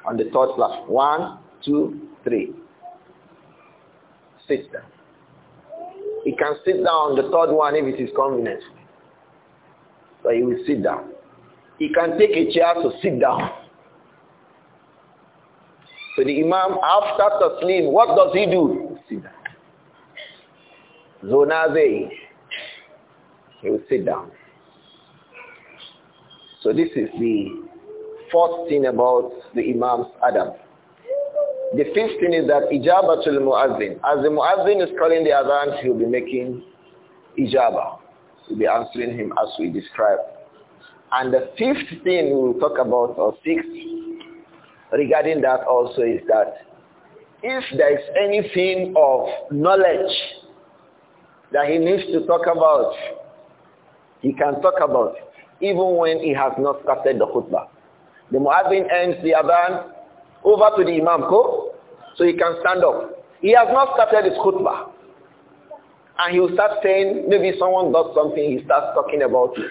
On the third class. One, two, three. Sit down. He can sit down on the third one if it is convenient. But he will sit down. He can take a chair to sit down. So the imam, after the sleep, what does he do? Sit down. Zonaze. He will sit down. So this is the fourth thing about the Imam's adab. The fifth thing is that ijabatul muazzin. As the muazzin is calling the adhan, he'll be making ijaba. He'll be answering him as we describe. And the fifth thing we'll talk about, or sixth, regarding that also is that if there is anything of knowledge that he needs to talk about, he can talk about it even when he has not started the khutbah. The muazzin ends the adhan over to the imam, ko, so he can stand up. He has not started his khutbah. And he will start saying, maybe someone does something, he starts talking about it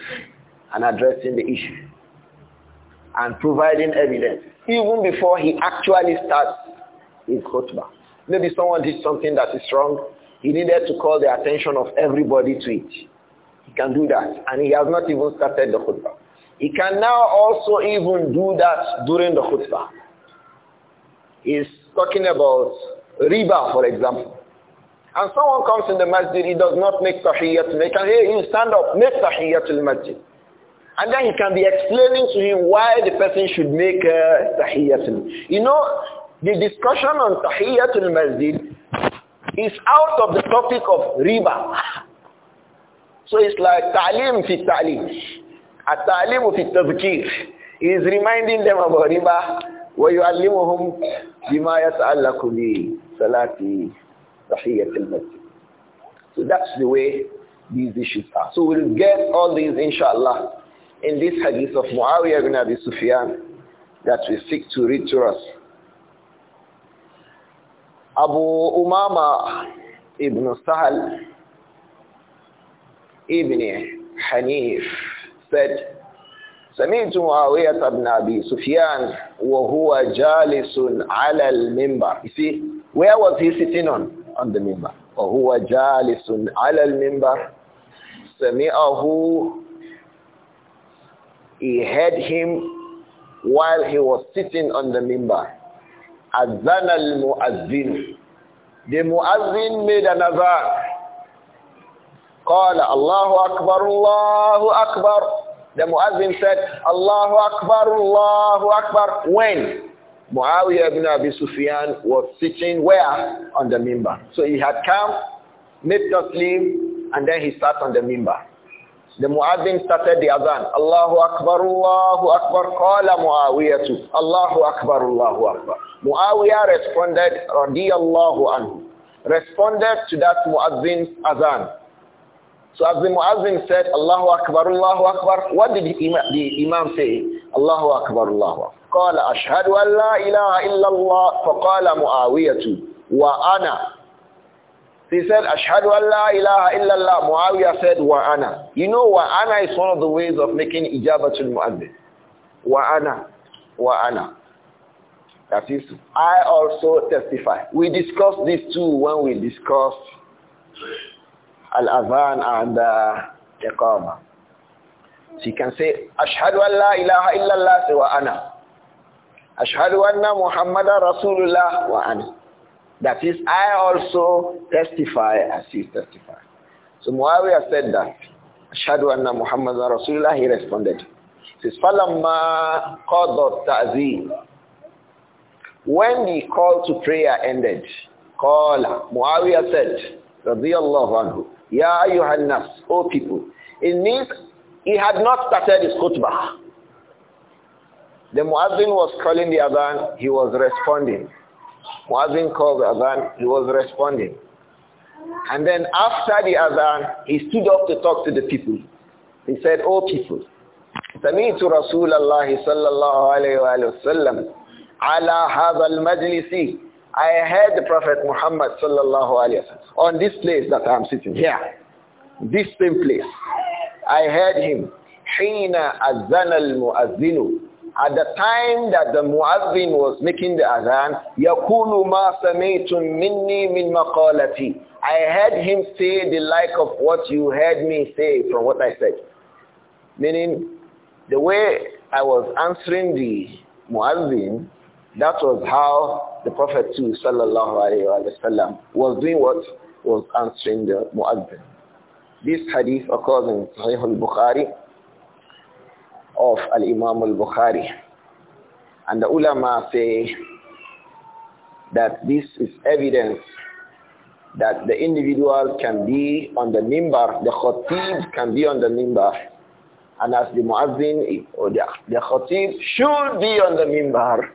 and addressing the issue and providing evidence even before he actually starts his khutbah. Maybe someone did something that is wrong. He needed to call the attention of everybody to it. He can do that. And he has not even started the khutbah. He can now also even do that during the khutbah. He's talking about riba, for example. And someone comes in the masjid, he does not make tahiyyatul He can hear him stand up, make the masjid. And then he can be explaining to him why the person should make uh, You know, the discussion on tahiyyatul masjid is out of the topic of riba. So it's like ta'lim fi ta'lim. at ta'lim fi tazkir. He is reminding them about riba. وَيُعَلِّمُهُمْ بِمَا يَتَعَلَّقُ بِهِ salati تَحِيَّةِ الْمَسْجِدِ So that's the way these issues are. So we'll get all these inshallah in this hadith of Muawiyah ibn Abi Sufyan that we seek to read to us. Abu Umama ibn Sahal Ibn Hanif said, سمعت معاوية بن أبي سفيان وهو جالس على المنبر. You see, where was he sitting on? On the minbar. وهو جالس على المنبر. Sami'ahu He heard him while he was sitting on the minbar. أذن المؤذن. The muazzin made an azan. قال الله أكبر الله أكبر the مؤذن said الله أكبر الله أكبر when Muawiyah ibn Abi Sufyan was sitting where on the mimbar so he had come made the taslim and then he sat on the mimbar the Muazzin started the Adhan Allahu Akbar Allahu Akbar qala Muawiyah too. Allahu Akbar Allahu Akbar Muawiyah responded radiyallahu anhu responded to that Muazzin's Adhan So as the Muazzin said, Allahu Akbar, Allahu Akbar, what did the Imam, say? Allahu Akbar, Allahu Akbar. قال أشهد أن لا إله إلا الله فقال معاوية وأنا He said, Ashhadu wa la ilaha illallah. Muawiyah said, wa ana. You know, wa ana is one of the ways of making ijabatul mu'adhin. Wa ana. Wa ana. That is, I also testify. We discussed these two when we discussed al-adhan and the uh, iqama. So you can say, Ashhadu an la ilaha illallah wa ana. Ashhadu anna Muhammadan Rasulullah wa ana. That is, I also testify as he testified. So Muawiyah said that. Ashhadu anna Muhammadan Rasulullah, he responded. He says, فَلَمَّا قَضَ التَّعْذِيمِ When the call to prayer ended, قَالَ Muawiyah said, radiallahu anhu, Ya ayyuhan nafs, O people. It means he had not started his khutbah. The muazzin was calling the adhan, he was responding. Muazzin called the adhan, he was responding. And then after the adhan, he stood up to talk to the people. He said, O people, سمعت رسول الله صلى الله عليه وآله وسلم على هذا المجلس I heard the Prophet Muhammad sallallahu alayhi wa on this place that I'm sitting here, this same place. I heard him, حين أذن المؤذن at the time that the muazzin was making the adhan, يَقُولُ مَا سَمَيْتُم مِنِّي مِن مَقَالَتِي I heard him say the like of what you heard me say from what I said. Meaning, the way I was answering the muazzin, that was how the Prophet too, sallallahu alayhi wa sallam, was doing what? Was answering the mu'adhin. This hadith occurs in Sahih al-Bukhari of al-Imam al-Bukhari. And the ulama say that this is evidence that the individual can be on the mimbar, the khatib can be on the mimbar. And as the muazzin or the, the khatib should be on the mimbar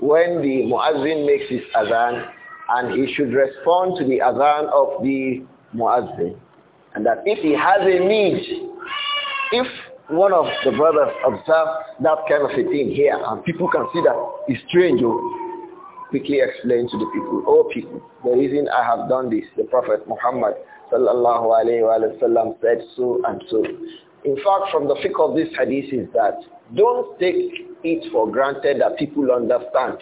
when the muazzin makes his azan and he should respond to the azan of the muazzin. And that if he has a need, if one of the brothers observes that kind of a thing here and people can see that it's strange, oh, quickly explain to the people, oh people, the reason I have done this, the Prophet Muhammad sallallahu alayhi wa sallam said so and so. In fact, from the fiqh of this hadith is that don't take it for granted that people understand.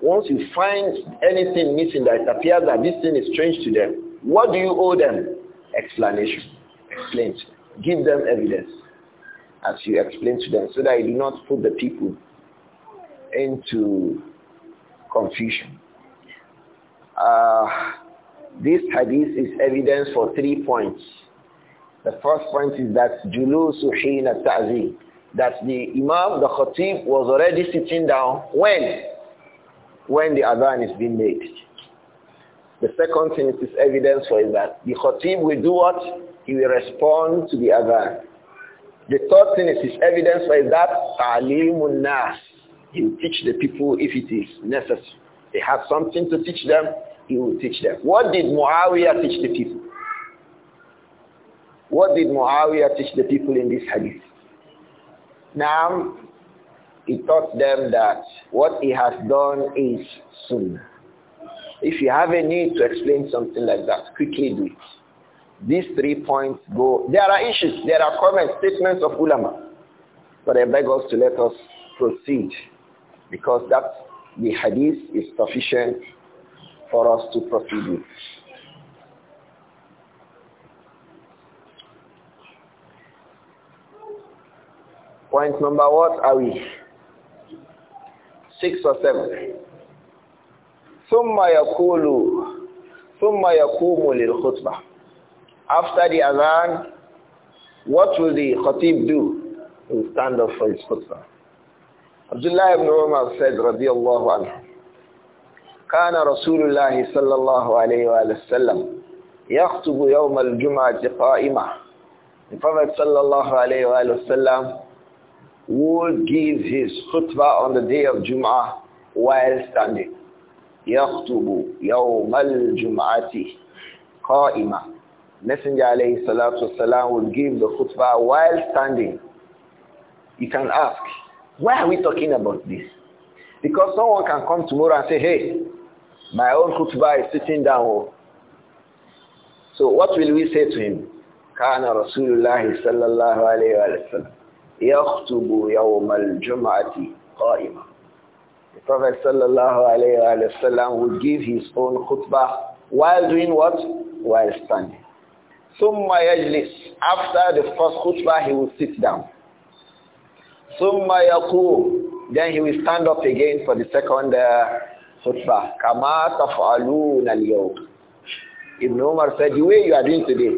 Once you find anything missing that appears that this thing is strange to them, what do you owe them? Explanation. Explain. Give them evidence as you explain to them so that you do not put the people into confusion. Uh, this hadith is evidence for three points. The first point is that julusu hina ta'zim that the Imam, the Khatib, was already sitting down when? When the Adhan is being made. The second thing is evidence for is that the Khatib will do what? He will respond to the Adhan. The third thing is evidence for is that Ta'limun Nas. He will teach the people if it is necessary. They have something to teach them, he will teach them. What did Muawiyah teach the people? What did Muawiyah teach the people in this hadith? Now, he taught them that what he has done is sunnah. If you have a need to explain something like that, quickly do it. These three points go. There are issues, there are comments, statements of ulama. But I beg us to let us proceed because that the hadith is sufficient for us to proceed with. Point number what are we? Six or seven. ثم يقول ثم يقوم للخطبة After the Adhan, what will the Khatib do? He will stand up for his khutbah. Abdullah ibn Umar said, رضي الله عنه, كان رسول الله صلى الله عليه وسلم يخطب يوم الجمعة قائمة. The Prophet صلى الله عليه وسلم would give his khutbah on the day of Jum'ah while standing. يَخْتُبُ يَوْمَ الْجُمْعَةِ قَائِمًا Messenger alayhi salatu wasalam would give the khutbah while standing. You can ask, why are we talking about this? Because someone can come tomorrow and say, hey, my own khutbah is sitting down. Oh. So what will we say to him? كان رسول الله صلى الله عليه وسلم يخطب يوم الجمعة قائما The Prophet sallallahu alayhi wa sallam would give his own khutbah while doing what? While standing. ثم يجلس After the first khutbah he will sit down. ثم يقوم Then he will stand up again for the second uh, khutbah. كما تفعلون اليوم Ibn Umar said, the way you are doing today,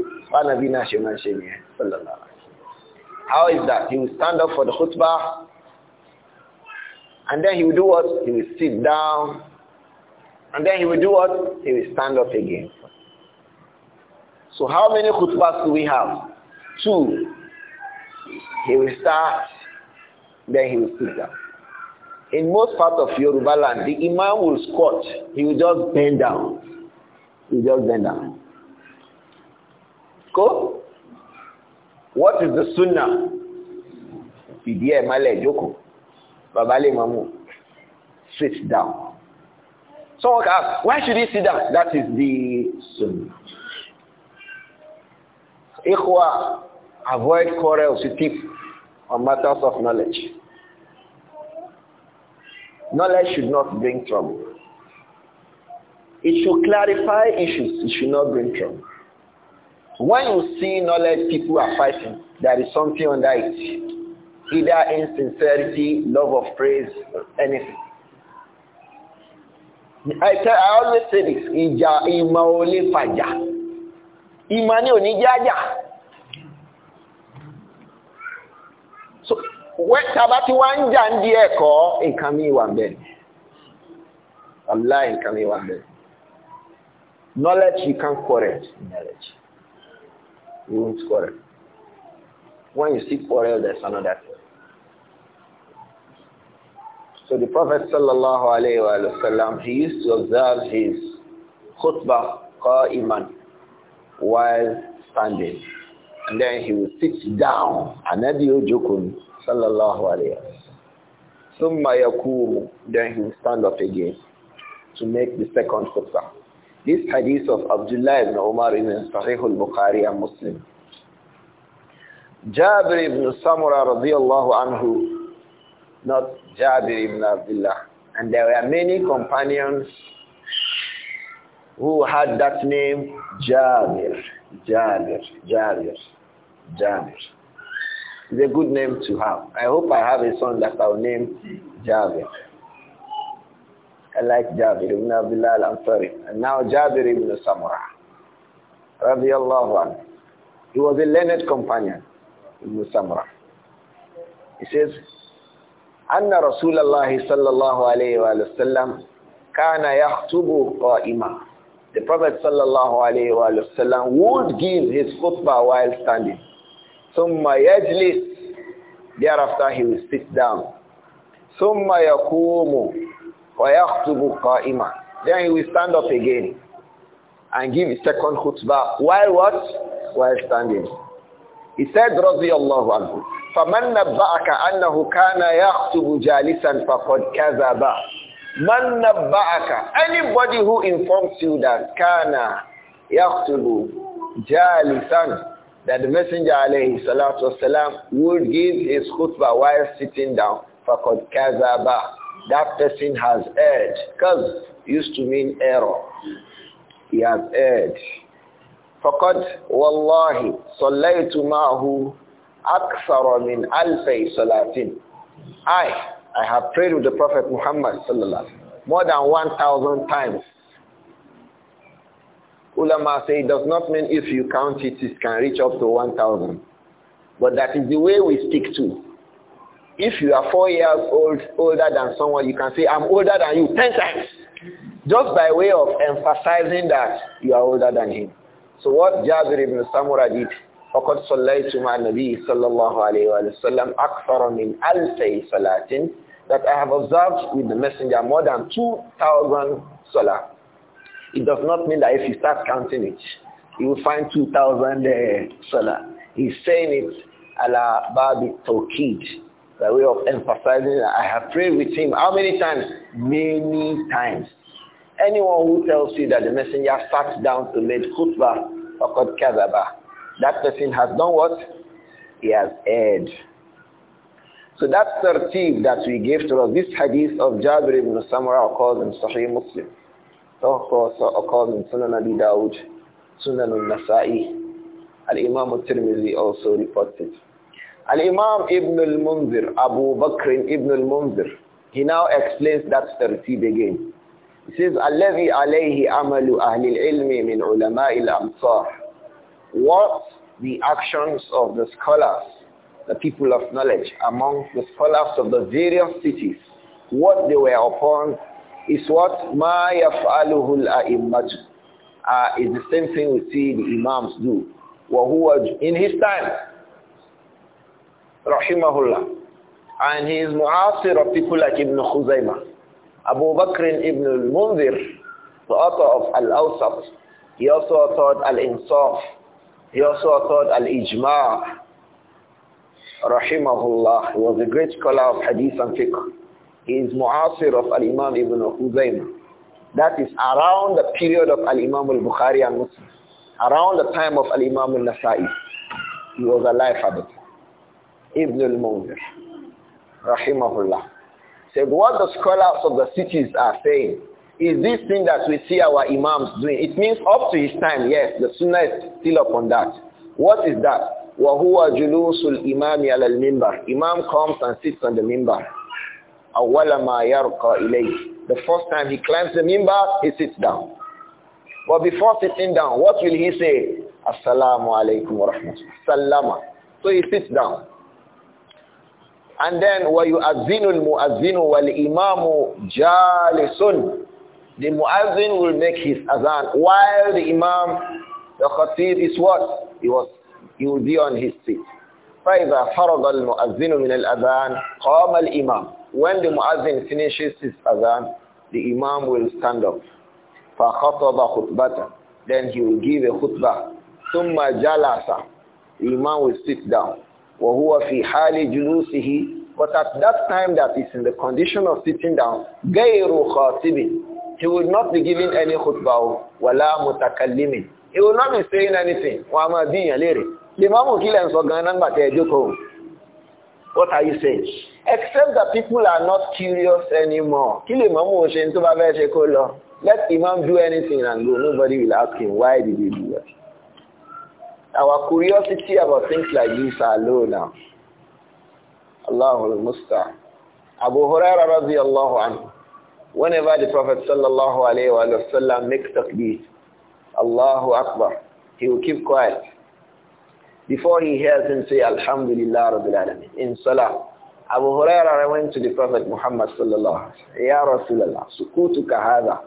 how is that? He will stand up for the khutbah and then he will do what? He will sit down and then he will do what? He will stand up again. So how many khutbahs do we have? Two. He will start, then he will sit down. In most parts of Yoruba land, the imam will squat. He will just bend down. He will just bend down. Go. What is the sunnah? Fìdí ẹ̀ joko, babale mamu, Sit down. Someone can ask, why should he sit down? That is the sunnah. Ikhwa, avoid quarrels with people on matters of knowledge. Knowledge should not bring trouble. It should clarify issues. It should not bring trouble. When you see knowledge people are fighting, there is something under it. Either insincerity, love of praise, anything. I, tell, I always say this, ìjà ìmọ̀ ò fàjà. imani oni jájà. So, when tàbá tí wọ́n ń jà ń di ẹ̀kọ́, nǹkan mi wà bẹ́ẹ̀. Allah nǹkan mi wà Knowledge you can't correct knowledge you won't quarrel. When you see quarrel, there's another thing. So the Prophet sallallahu alayhi wa sallam, he used to observe his khutbah qa'iman while standing. And then he would sit down. Anabi ujukun sallallahu alayhi wa sallam. Summa yakumu. Then he would stand up again to make the second khutbah. This hadith of Abdullah ibn Umar in Sahih al-Bukhari and Muslim. Jabir ibn Samura radiallahu anhu, not Jabir ibn Abdullah. And there were many companions who had that name Jabir, Jabir, Jabir, Jabir. It's a good name to have. I hope I have a son that I'll name Jabir. like Jabir ibn Abdullah al-Ansari. And now Jabir ibn Samurah. Radiallahu anhu. He was a learned companion, Ibn Samurah. He says, أن رسول الله صلى الله عليه وسلم كان يخطب قائما. The Prophet صلى الله عليه وسلم would give his khutbah while standing. ثم يجلس. Thereafter he will sit down. ثم يقوم فَيَخْتُبُ قَائِمًا Then he will stand up again and give his second khutbah. While what? While standing. He said, رضي الله عنه فَمَنْ نَبَّأَكَ أَنَّهُ كَانَ يَخْتُبُ جَالِسًا فَقَدْ كَذَبَ مَنْ نَبَّأَكَ Anybody who informs you that كَانَ يَخْتُبُ جَالِسًا that the Messenger alayhi salatu wasalam would give his khutbah while sitting down. فَقَدْ كَذَبَ that person has erred. Kaz used to mean error. He has erred. فقد والله صليت معه أكثر من ألف صلاة I, I have prayed with the Prophet Muhammad sallallahu more than 1,000 times. Ulama say it does not mean if you count it, it can reach up to 1,000. But that is the way we stick to. If you are four years old, older than someone, you can say, I'm older than you ten times. Just by way of emphasizing that you are older than him. So what Jabir ibn Samura did, فقد صليت مع النبي صلى الله عليه وسلم أكثر من ألف صلاة that I have observed with the messenger more than 2,000 salah. It does not mean that if you start counting it, you will find 2,000 uh, eh, salah. He's saying it ala babi tawqid by way of emphasizing I have prayed with him how many times? Many times. Anyone who tells you that the messenger sat down to make khutbah or kazaba, that person has done what? He has erred. So that's the that we gave to us. This hadith of Jabir ibn Samura occurs in Sahih Muslim. Also occurs in Sunan Abi Dawud, Sunan al-Nasa'i. Al-Imam al-Tirmidhi also reported. Al-Imam Ibn al-Munzir, Abu Bakr Ibn al-Munzir, he now explains that tartib again. He says, الَّذِي عَلَيْهِ عَمَلُ أَهْلِ الْعِلْمِ مِنْ عُلَمَاءِ الْأَمْصَارِ What the actions of the scholars, the people of knowledge, among the scholars of the various cities, what they were upon is what مَا يَفْعَلُهُ الْأَئِمَّةُ uh, is the same thing we see the imams do. وَهُوَ In his time, rahimahullah. And he is mu'asir of people like Ibn Khuzaimah. Abu Bakr ibn al-Munzir, the author of Al-Awsat. He also authored Al-Insaf. He also authored Al-Ijma' rahimahullah. He was a great scholar of hadith and fiqh. He is mu'asir of al-Imam Ibn Huzaymah. That is around the period of al-Imam al-Bukhari and Muslim. Around the time of al-Imam al-Nasa'i. He was alive at the time. Ibn al-Munzir, rahimahullah, said what the scholars of the cities are saying is this thing that we see our imams doing. It means up to his time, yes, the sunnah is still upon that. What is that? وَهُوَ جُلُوسُ الْإِمَامِ عَلَى الْمِنْبَرِ Imam comes and sits on the mimbar. أَوَّلَ مَا يَرْقَى إِلَيْهِ The first time he climbs the mimbar, he sits down. But before sitting down, what will he say? Assalamu alaykum wa rahmatullah. Salama. So he sits down. And then وَيُؤَذِّنُ الْمُؤَذِّنُ وَالْإِمَامُ جَالِسٌ The muazzin will make his azan while the imam, the khatib is what? He, was, he will be on his seat. فَإِذَا فَرَضَ الْمُؤَذِّنُ مِنَ الْأَذَانِ قَامَ الْإِمَامُ When the muazzin finishes his azan, the imam will stand up. فَخَطَبَ خُطْبَةً Then he will give a khutbah. ثُمَّ جَلَسَ The imam will sit down. وَهُوَ فِي حَالِ جُلُوسِهِ But at that time that is in the condition of sitting down, غَيْرُ خَاطِبٍ He will not be giving any khutbah, وَلَا مُتَكَلِّمٍ He will not be saying anything. وَأَمَا بِيَ لَيْرِ Limamu kila nsogana mbate What are you saying? Except that people are not curious anymore. Kí lè mọ́mú òṣèǹ tó Let Imam do anything and go. Nobody will ask him why did he do that. Our curiosity about things like this are low now. Allahu al-Musta'an. Abu Huraira radiallahu anhu, whenever the Prophet sallallahu alayhi wa sallam makes takbir, Allahu Akbar, he will keep quiet. Before he hears him say, Alhamdulillah Rabbil Alameen, in Salah, Abu Huraira went to the Prophet Muhammad sallallahu alayhi wa sallam, Ya Rasulallah, sukutuka hadha,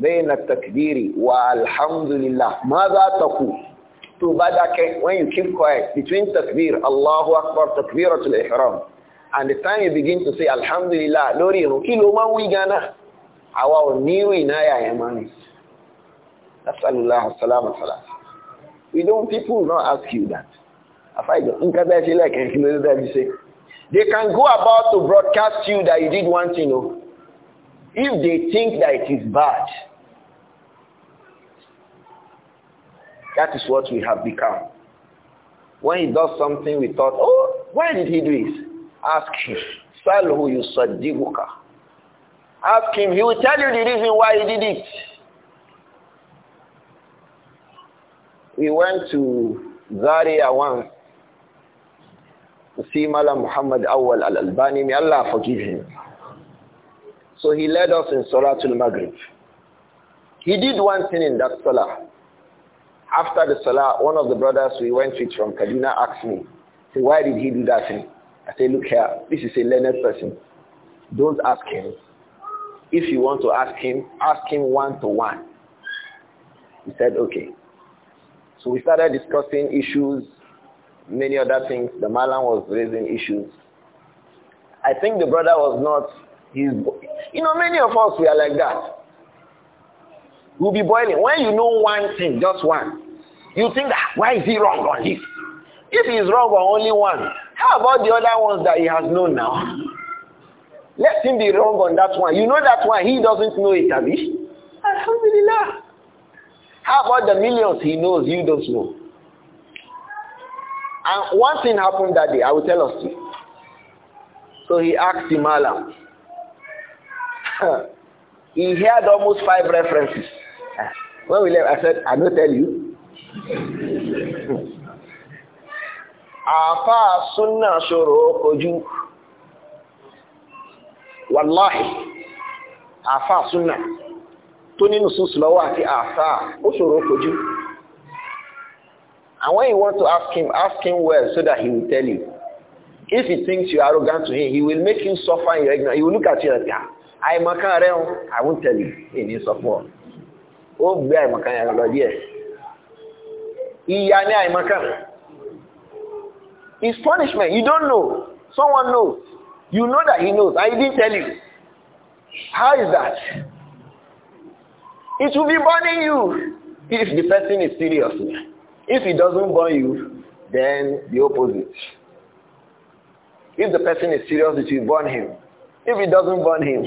بين التكبير wa alhamdulillah. ماذا تقول to badake when you keep quiet between takbir Allahu Akbar takbiratul ihram and the time you begin to say alhamdulillah lórí irun man we máa ń wí gánà àwa ò ní ìwé náírà yẹn asalullah salamu we don't people will not ask you that afaido nǹkan bẹ́ẹ̀ ṣe like, kí ló dé say, they can go about to broadcast you that you did want to know, if they think that it is bad That is what we have become. When he does something, we thought, oh, why did he do it? Ask him. Salhu yusaddibuka. Ask him. He will tell you the reason why he did it. We went to Zaria once to see Mala Muhammad Awal al-Albani. May Allah forgive him. So he led us in Salatul Maghrib. He did one thing in that Salah. After the Salah, one of the brothers we went with from Kaduna asked me, say, why did he do that thing? I said, look here, this is a learned person. Don't ask him. If you want to ask him, ask him one-to-one. He said, okay. So we started discussing issues, many other things. The Malam was raising issues. I think the brother was not, his, you know, many of us, we are like that will be boiling. When you know one thing, just one, you think, ah, why is he wrong on this? If he is wrong on only one, how about the other ones that he has known now? Let him be wrong on that one. You know that one, he doesn't know it, Abi. Alhamdulillah. How about the millions he knows, you don't know? And one thing happened that day, I will tell us. Too. So he asked the Malam. he had almost five references. When we left, I said, I don't tell you. Àfáà súnà soro koju wallahi àfáà súnà tó nínú súnsùlọ́wọ́ àti o soro koju And when you want to ask him, ask him well so that he will tell you. If he thinks you are arrogant to him, he will make you suffer in your ignorance. He will look at you and say, ah, àìmọ̀kan rẹ̀ I won't tell you. He needs support. ó gbé àìmọ̀kan yẹn lọ díẹ̀ ìyá ní àìmọ̀kan is punishment you don't know someone knows you know that he knows I didn't tell you how is that it will be burning you if the person is serious if it doesn't burn you then the opposite if the person is serious it will burn him if it doesn't burn him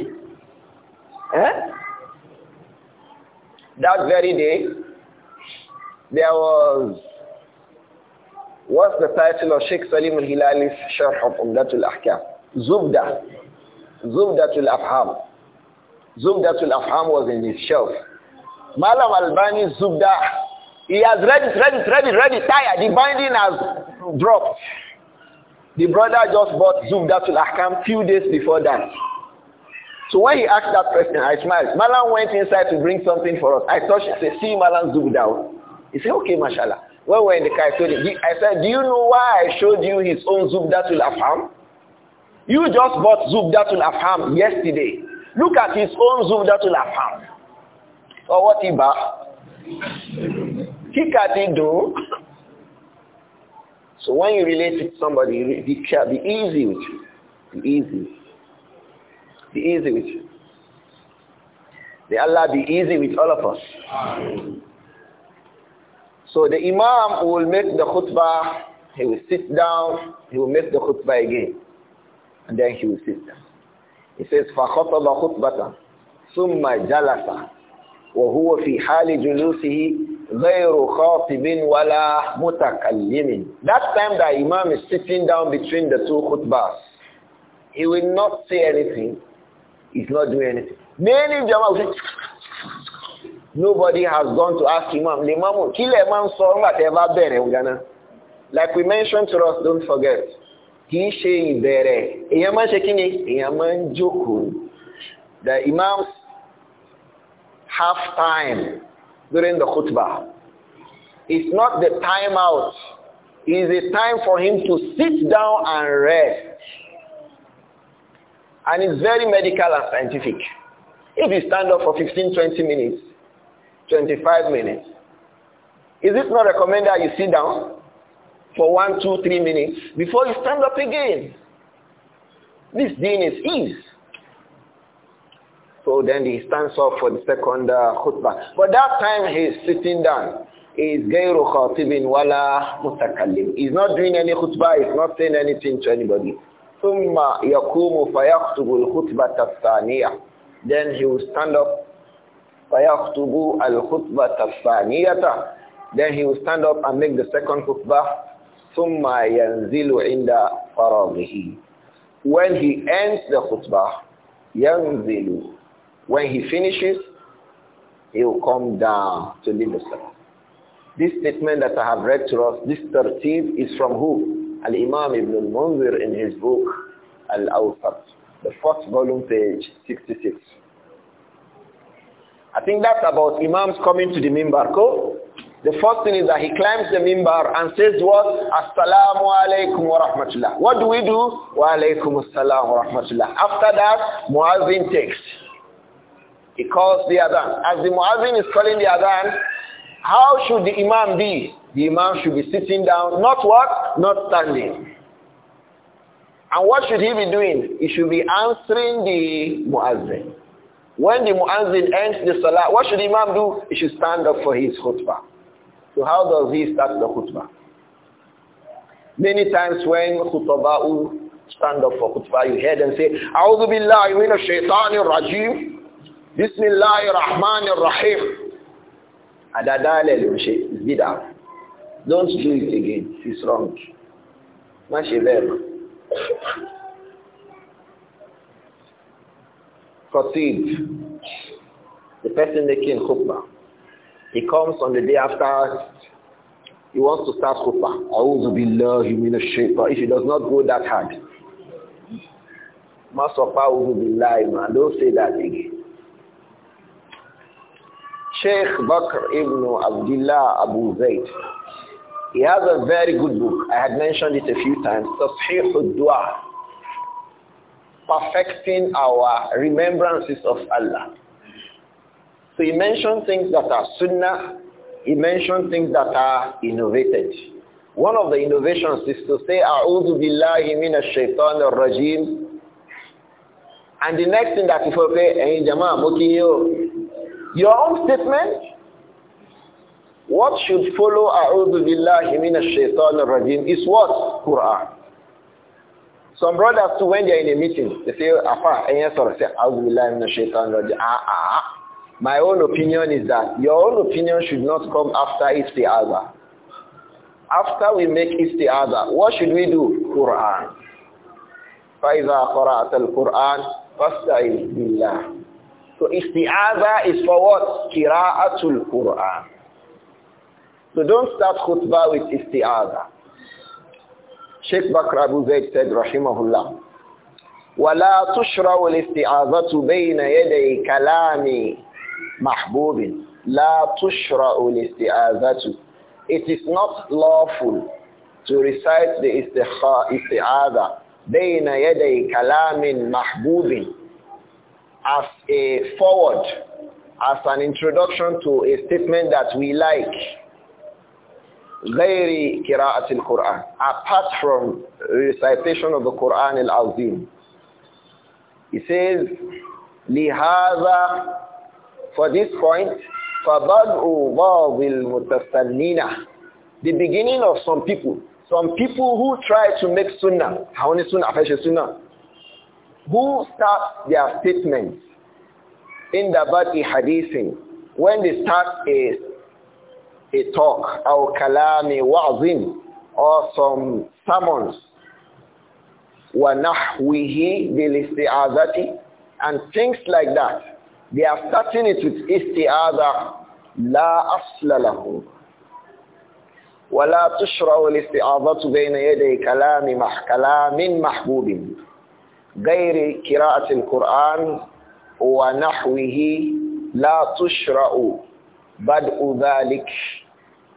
eh that very day, there was what's the title of Sheikh Salim al-Hilali's Sharh of Umdatul Ahkam? Zubda. Zubdatul Afham. Zubdatul Afham was in his shelf. Malam al-Bani Zubda, he has read it, read it, read it, read it, tired. The binding has dropped. The brother just bought Zubdatul Ahkam few days before that. So when he asked that question, I smiled. Malan went inside to bring something for us. I touched it, said, see Malan Zubdaw. He said, okay, mashallah. When we were in the car, I told him, he, I said, do you know why I showed you his own to Lafam? You just bought to Lafam yesterday. Look at his own to Lafam. Or what he bought. He can't do. So when you relate to somebody, be, be easy with you. Be easy. Be easy with you. May Allah be easy with all of us. So the Imam will make the khutbah, he will sit down, he will make the khutbah again. And then he will sit down. He says, فَخَطَبَ خُطْبَةً ثُمَّ جَلَسَ وهو في حال جلوسه غير خاطب ولا متكلم that time the imam is sitting down between the two khutbahs he will not say anything He's not doing anything. Many Jama'at. say, nobody has gone to ask Imam. The Imam, kill a man so whatever bere ugana. Like we mentioned to us, don't forget. He's saying there. Imam Èèyàn máa ń The imams have time during the khutbah. It's not the time out. It's a time for him to sit down and rest. And it's very medical and scientific. If you stand up for 15, 20 minutes, 25 minutes, is it not recommended you sit down for one, two, three minutes before you stand up again? This deen is ease. So then he stands up for the second uh, khutbah. But that time he's sitting down. He's gayru khatibin wala mutakallim. He's not doing any khutbah. He's not saying anything to anybody. ثم يقوم فيخطب الخطبة الثانية then he will stand up فيخطب الخطبة الثانية then he will stand up and make the second khutbah ثم ينزل عند فراغه when he ends the khutbah ينزل when he finishes he will come down to lead the service this statement that I have read to us this 13 is from who Al-Imam Ibn al-Munzir in his book Al-Awsat, the first volume page 66. I think that's about Imams coming to the Mimbar. The first thing is that he climbs the mimbar and says what? Assalamu alaikum wa rahmatullah. What do we do? Wa alaikum assalam wa rahmatullah. After that, Muazzin takes. He calls the Adhan. As the Muazzin is calling the Adhan, how should the Imam be? The Imam should be sitting down, not what? Not standing. And what should he be doing? He should be answering the Muazzin. When the Muazzin ends the Salah, what should the Imam do? He should stand up for his khutbah. So how does he start the khutbah? Many times when khutbah stand up for khutbah, you hear them say, A'udhu billahi minash shaitanir rajim, bismillahir rahmanir rahim. Adadale lumshe, bid'ah. Don't do it again. It's wrong. Má ṣe the person making khutbah, he comes on the day after he wants to start be He A'udhu a minash But If he does not go that hard, will be billahi man. Don't say that again. Sheikh Bakr ibn Abdullah Abu Zayd he has a very good book. I had mentioned it a few times. Tashih Dua. Perfecting our remembrances of Allah. So he mentioned things that are sunnah. He mentioned things that are innovated. One of the innovations is to say, A'udhu billahi minash shaitan rajim. And the next thing that people say, Your own statement what should follow A'udhu Billahi Minash Shaitan Rajim is what? Quran. Some brothers too, when they're in a meeting, they say, Afa, and say, A'udhu Billahi Minash Shaitan Rajim. Ah, ah. My own opinion is that your own opinion should not come after Isti'ada. After we make Isti'ada, what should we do? Quran. فَإِذَا قَرَأْتَ الْقُرْآنِ فَاسْتَعِذْ بِاللَّهِ So Isti'ada is for what? Qira'atul Quran. So don't start khutbah with isti'ada. Sheikh Bakr Abu Zayd said, Rahimahullah, وَلَا تُشْرَعُ الْإِسْتِعَاذَةُ بَيْنَ يَدَيْ كَلَامِ مَحْبُوبٍ لَا تُشْرَعُ الْإِسْتِعَاذَةُ It is not lawful to recite the isti'aza بَيْنَ يَدَيْ كَلَامٍ مَحْبُوبٍ as a forward, as an introduction to a statement that we like غير قراءة القرآن apart from recitation of the Quran al-Azim he says لهذا for this point فَضَلْءُ بَعْضِ الْمُتَسَنِّينَ the beginning of some people some people who try to make sunnah how many sunnah afẹ́ṣe sunnah who start their statements in the body hadithin when they start a a talk, أو كلام وعظ or some sermons ونحوه بالاستعاذة and things like that. They are starting it with استعاذة لا أصل له ولا تشرع الاستعاذة بين يدي كلام مح كلام محبوب غير قراءة القرآن ونحوه لا تشرع بدء ذلك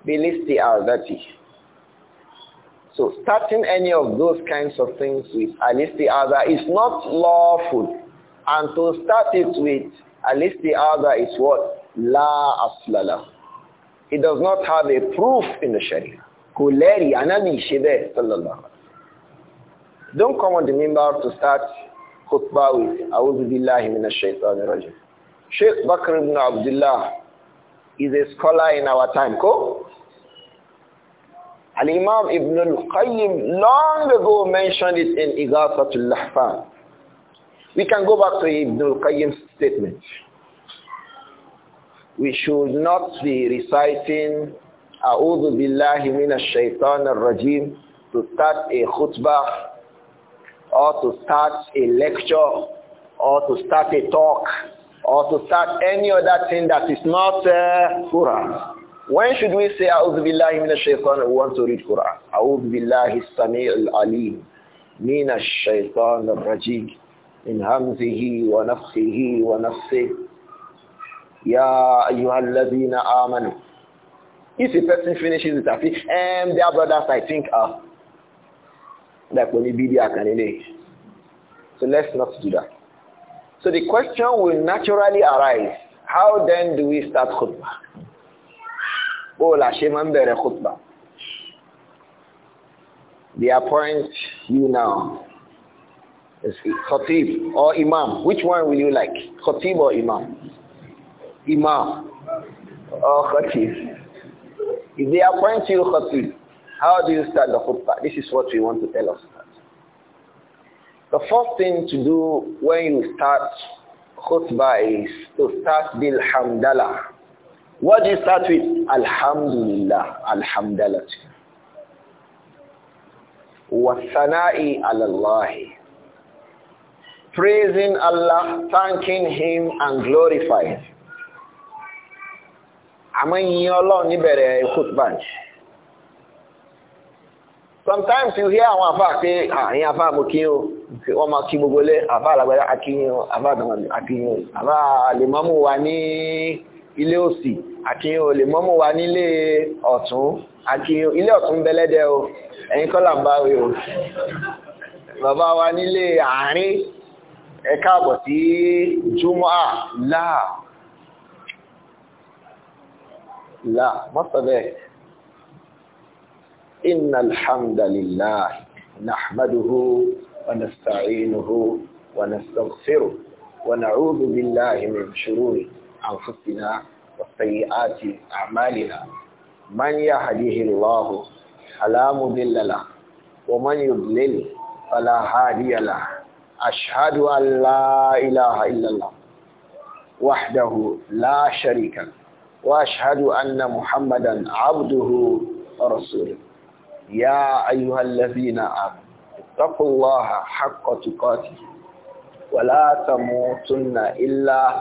bilisti'azati. So starting any of those kinds of things with other is not lawful. And to start it with other is what? La aslala. It does not have a proof in the Sharia. Kuleri anani sallallahu Don't come on the member to start khutbah with A'udhu billahi minash shaitanir rajim. Sheikh Bakr ibn Abdullah is a scholar in our time. Al-Imam Ibn al-Qayyim long ago mentioned it in Ighathatul Lahfan. We can go back to Ibn al-Qayyim's statement. We should not be reciting A'udhu Billahi Minash Shaitan Ar-Rajim to start a khutbah or to start a lecture or to start a talk or to start any other thing that is not uh, Quran. When should we say, A'udhu Billahi Minash Shaitan, who wants to read Quran? A'udhu Billahi Sami'ul Alim, Minash Shaitan Rajim, in Hamzihi wa Nafsihi wa Nafsih, Ya Ayyuhal Ladina Amanu. If a person finishes it, I and their brothers, I think, are like when be there, can So let's not do that. So the question will naturally arise, how then do we start khutbah? bó la ṣe máa ń khutba they appoint you now as khatib or imam which one will you like khatib or imam imam or khatib if they appoint you khatib how do you start the khutbah this is what we want to tell us the first thing to do when you start khutbah is to start bil hamdalah What do you start with? Alhamdulillah, alhamdulillah. Wasana'i alallahi. Praising Allah, thanking Him and glorifying. Àmọ́ yìn Ọlọ́run níbẹ̀rẹ̀ khutbah. Sometimes you hear àwọn àfáà pé àyìn àfáà mú kí o, wọ́n máa kí gbogbo lé, àfáà àlàgbàdá akíyìn, àfáà àdàmọ̀ akíyìn, àfáà lè mọ́mú wa ní ilé òsì àkí o lè mọ́mú wa nílé ọ̀tún àkí ilé ọ̀tún bẹ́lẹ́dẹ́ o ẹ̀yin kọ́ là ń bá wí o bàbá wa nílé àárín ẹ káàbọ̀ sí júmọ́ à láà láà mọ́sọ̀bẹ̀ inna alhamdulillah nahmaduhu wa nasta'inuhu wa nastaghfiruh wa na'udhu billahi min shururi أنفسنا وسيئات أعمالنا من يهديه الله فلا مضل له ومن يضلل فلا هادي له أشهد أن لا إله إلا الله وحده لا شريك له وأشهد أن محمدا عبده ورسوله يا أيها الذين آمنوا اتقوا الله حق تقاته ولا تموتن إلا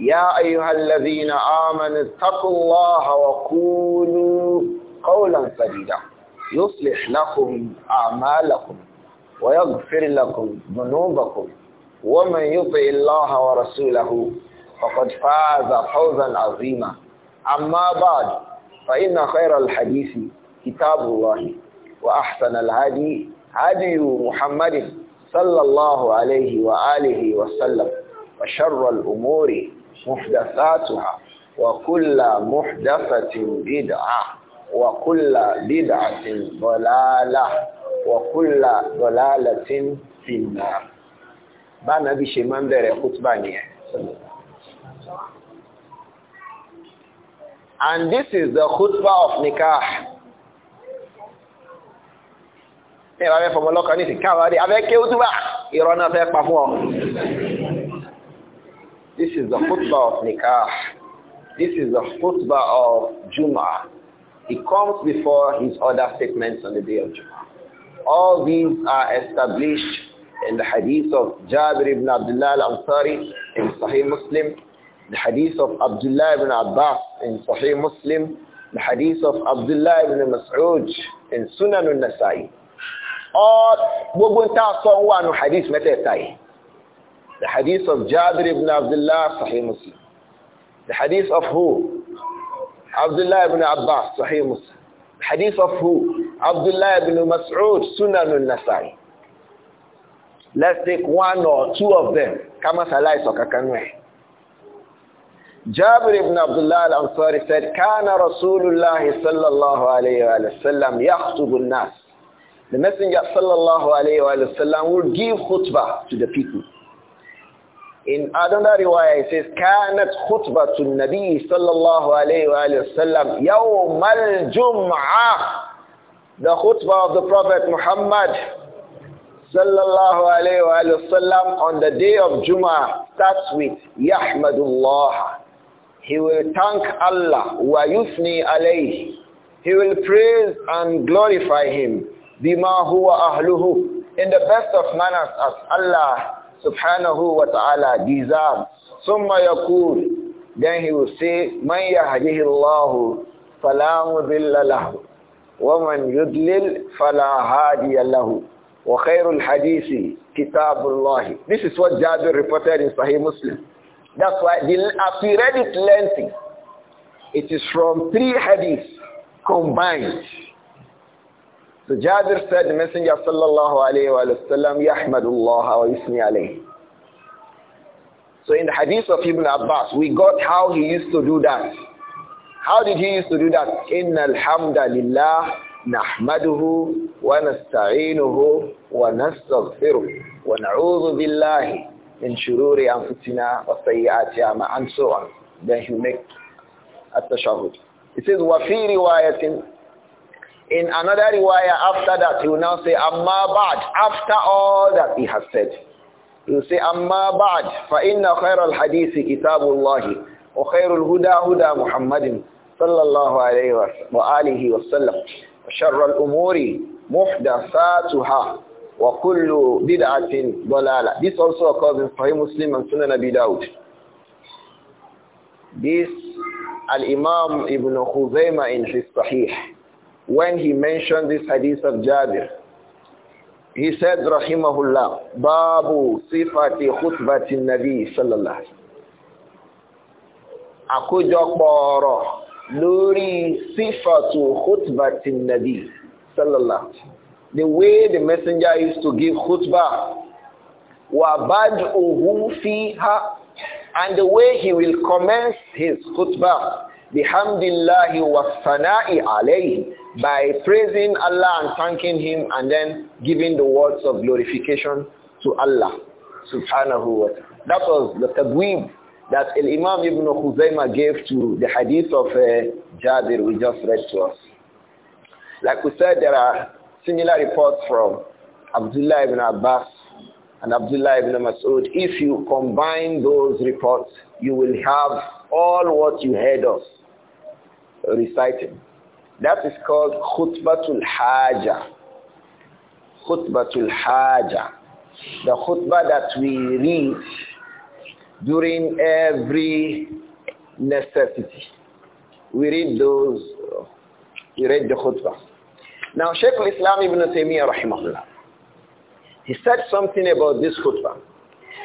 يا أيها الذين آمنوا اتقوا الله وقولوا قولا سديدا يصلح لكم أعمالكم ويغفر لكم ذنوبكم ومن يطع الله ورسوله فقد فاز فوزا عظيما أما بعد فإن خير الحديث كتاب الله وأحسن الهدي هدي محمد صلى الله عليه وآله وسلم وشر الأمور محدثاتها وكل محدثة بدعة وكل بدعة ضلالة وكل ضلالة في النار bá nàbí ṣe máa ń bẹ̀rẹ̀ kútùbà nìyẹn. And this is the khutba of nikah. Ní ìbáfẹ́ fọmọlọ́kọ̀ ní ìsìnká wárí, abẹ́ kí ó túbà, ìrọ̀ fẹ́ pa ọ. This is the khutbah of nikah. This is the khutbah of Jummah. It comes before his other statements on the day of Jummah. All these are established in the hadith of Jabir ibn Abdullah al-Ansari in Sahih Muslim, the hadith of Abdullah ibn Abbas in Sahih Muslim, the hadith of Abdullah ibn Mas'ud in Sunan al-Nasai. All gbogbo ń tà wà nù hadith the hadith of Jabir ibn Abdullah, Sahih Muslim. The hadith of who? Abdullah ibn Abbas, Sahih Muslim. The hadith of who? Abdullah ibn Mas'ud, Sunan al-Nasai. Let's take one or two of them. Kama salai sokakanwe. Jabir ibn Abdullah al-Ansari said, Kana Rasulullah sallallahu alayhi wa sallam yakhtubun nas. The messenger sallallahu alayhi wa sallam would give khutbah to the people. In another riwayah it says كانت خطبة النبي صلى الله عليه وآله وسلم يوم الجمعة The khutbah of the Prophet Muhammad sallallahu alayhi wa sallam on the day of Jum'ah starts with Yahmadullah. He will thank Allah wa yusni alayhi. He will praise and glorify him bima huwa ahluhu in the best of manners as Allah subhanahu wa ta'ala deserve. Summa yakul. Then he will say, Man yahdihi Allahu yudlil fala hadiya lahu. Wa khairul hadithi This is what Jabir reported in Sahih Muslim. That's why the apparent length, it is from three hadiths combined. So Jabir said, the Messenger sallallahu alaihi wa sallam, Yahmadullah wa yusni So in the hadith of Ibn Abbas, we got how he used to do that. How did he used to do that? Inna alhamdulillah nahmaduhu wa nasta'inuhu wa nastaghfiruh wa na'udhu billahi min shururi anfusina wa sayyiati and so on. Then he make at-tashahhud. the It says, wa fi in another riwayah after that, he will now say, Amma ba'd, after all that he has said. He will say, Amma ba'd, فَإِنَّ خَيْرَ الْحَدِيثِ كِتَابُ اللَّهِ وَخَيْرُ الْهُدَى هُدَى مُحَمَّدٍ صلى الله عليه وآله وسلم وشر الأمور محدثاتها وكل بدعة ضلالة This also occurs in Sahih Muslim and Sunan Abi Dawud. This Al-Imam Ibn Khuzaymah in his Sahih when he mentioned this hadith of Jabir. He said, Rahimahullah, Babu sifati khutbati nabi sallallahu Àkójọpọ̀ ọ̀rọ̀ lórí sífàtù khutbati nabi sallallahu The way the messenger used to give khutbah, wa bad'uhu fiha, and the way he will commence his khutbah, Hamdillahi wa sana'i alayhi by praising Allah and thanking him and then giving the words of glorification to Allah subhanahu wa ta'ala. That was the tabweeb that Imam Ibn Khuzaimah gave to the hadith of uh, Jabir we just read to us. Like we said, there are similar reports from Abdullah ibn Abbas and Abdullah ibn Mas'ud. If you combine those reports, you will have all what you heard us reciting. That is called khutbatul haja. Khutbatul haja. The khutbah that we read during every necessity. We read those, we read the khutbah. Now Sheikh al-Islam ibn Taymiyyah rahimahullah, he said something about this khutbah.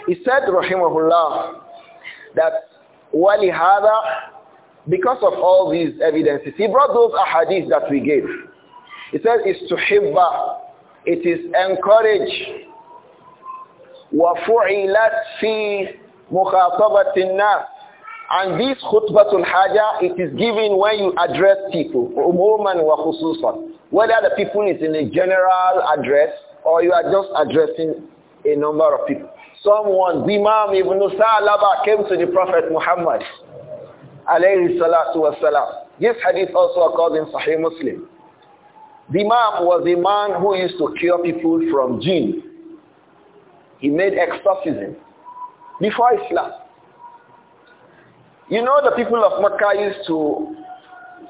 He said rahimahullah that وَلِهَذَا because of all these evidences, he brought those ahadith that we gave. He says it's to himba, It is encourage. وَفُعِلَتْ فِي مُخَاطَبَةِ النَّاسِ And this khutbatul haja, it is given when you address people, umuman wa khususan. Whether the people is in a general address or you are just addressing a number of people. Someone, Imam Ibn Saalaba, came to the Prophet Muhammad alayhi salatu This hadith also according in Sahih Muslim. The Imam was a man who used to cure people from jinn. He made exorcism before Islam. You know the people of Makkah used to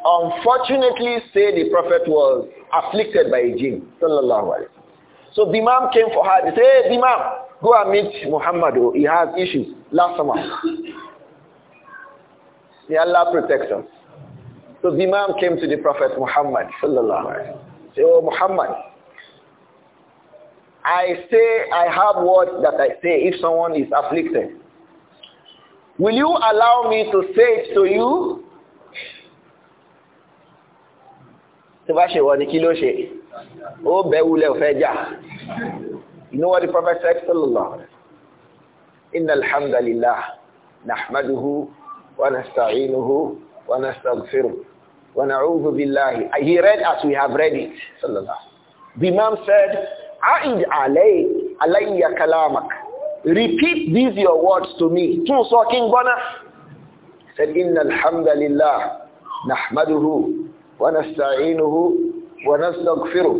unfortunately say the Prophet was afflicted by a jinn. So the Imam came for her. He said, hey, the Imam, go and meet Muhammad. He has issues. Last summer. May Allah protect us. So the Imam came to the Prophet Muhammad sallallahu Say, oh Muhammad, I say I have words that I say if someone is afflicted. Will you allow me to say it to you? You know what the Prophet said? Sallallahu alayhi wa sallam. Inna alhamdulillah, nahmaduhu ونستعينه ونستغفره ونعوذ بالله he read as we have read it صلى الله عليه the imam said عائد علي علي كلامك repeat these your words to me tun so king bona said إن الحمد لله نحمده ونستعينه ونستغفره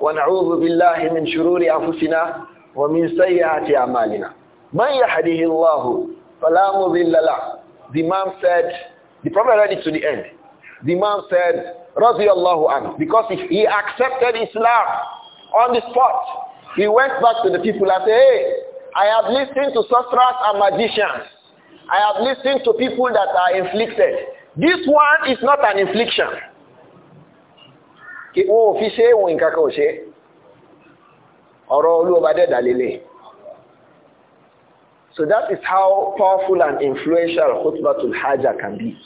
ونعوذ بالله من شرور انفسنا ومن سيئات اعمالنا من يهده الله فلا مضل له the Imam said, the Prophet read it to the end. The Imam said, Radiallahu anhu, because he, he accepted Islam on the spot. He went back to the people and said, hey, I have listened to sorcerers and magicians. I have listened to people that are inflicted. This one is not an infliction. Ọ̀rọ̀ so that is how powerful and influential khutbatul hajjah can be.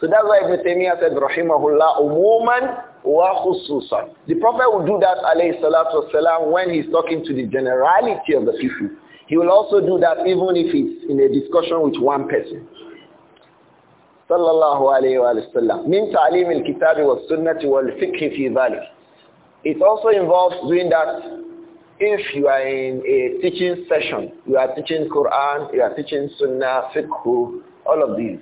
So that's why Ibn Taymiyyah said, Rahimahullah, umuman wa khususan. The Prophet will do that, alayhi salatu wasalam, when he's talking to the generality of the people. He will also do that even if it's in a discussion with one person. Sallallahu alayhi wa sallam. Min ta'lim al-kitab wa sunnati wal fiqh fi dhalik. It also involves doing that if you are in a teaching session, you are teaching Quran, you are teaching Sunnah, Fiqh, all of these.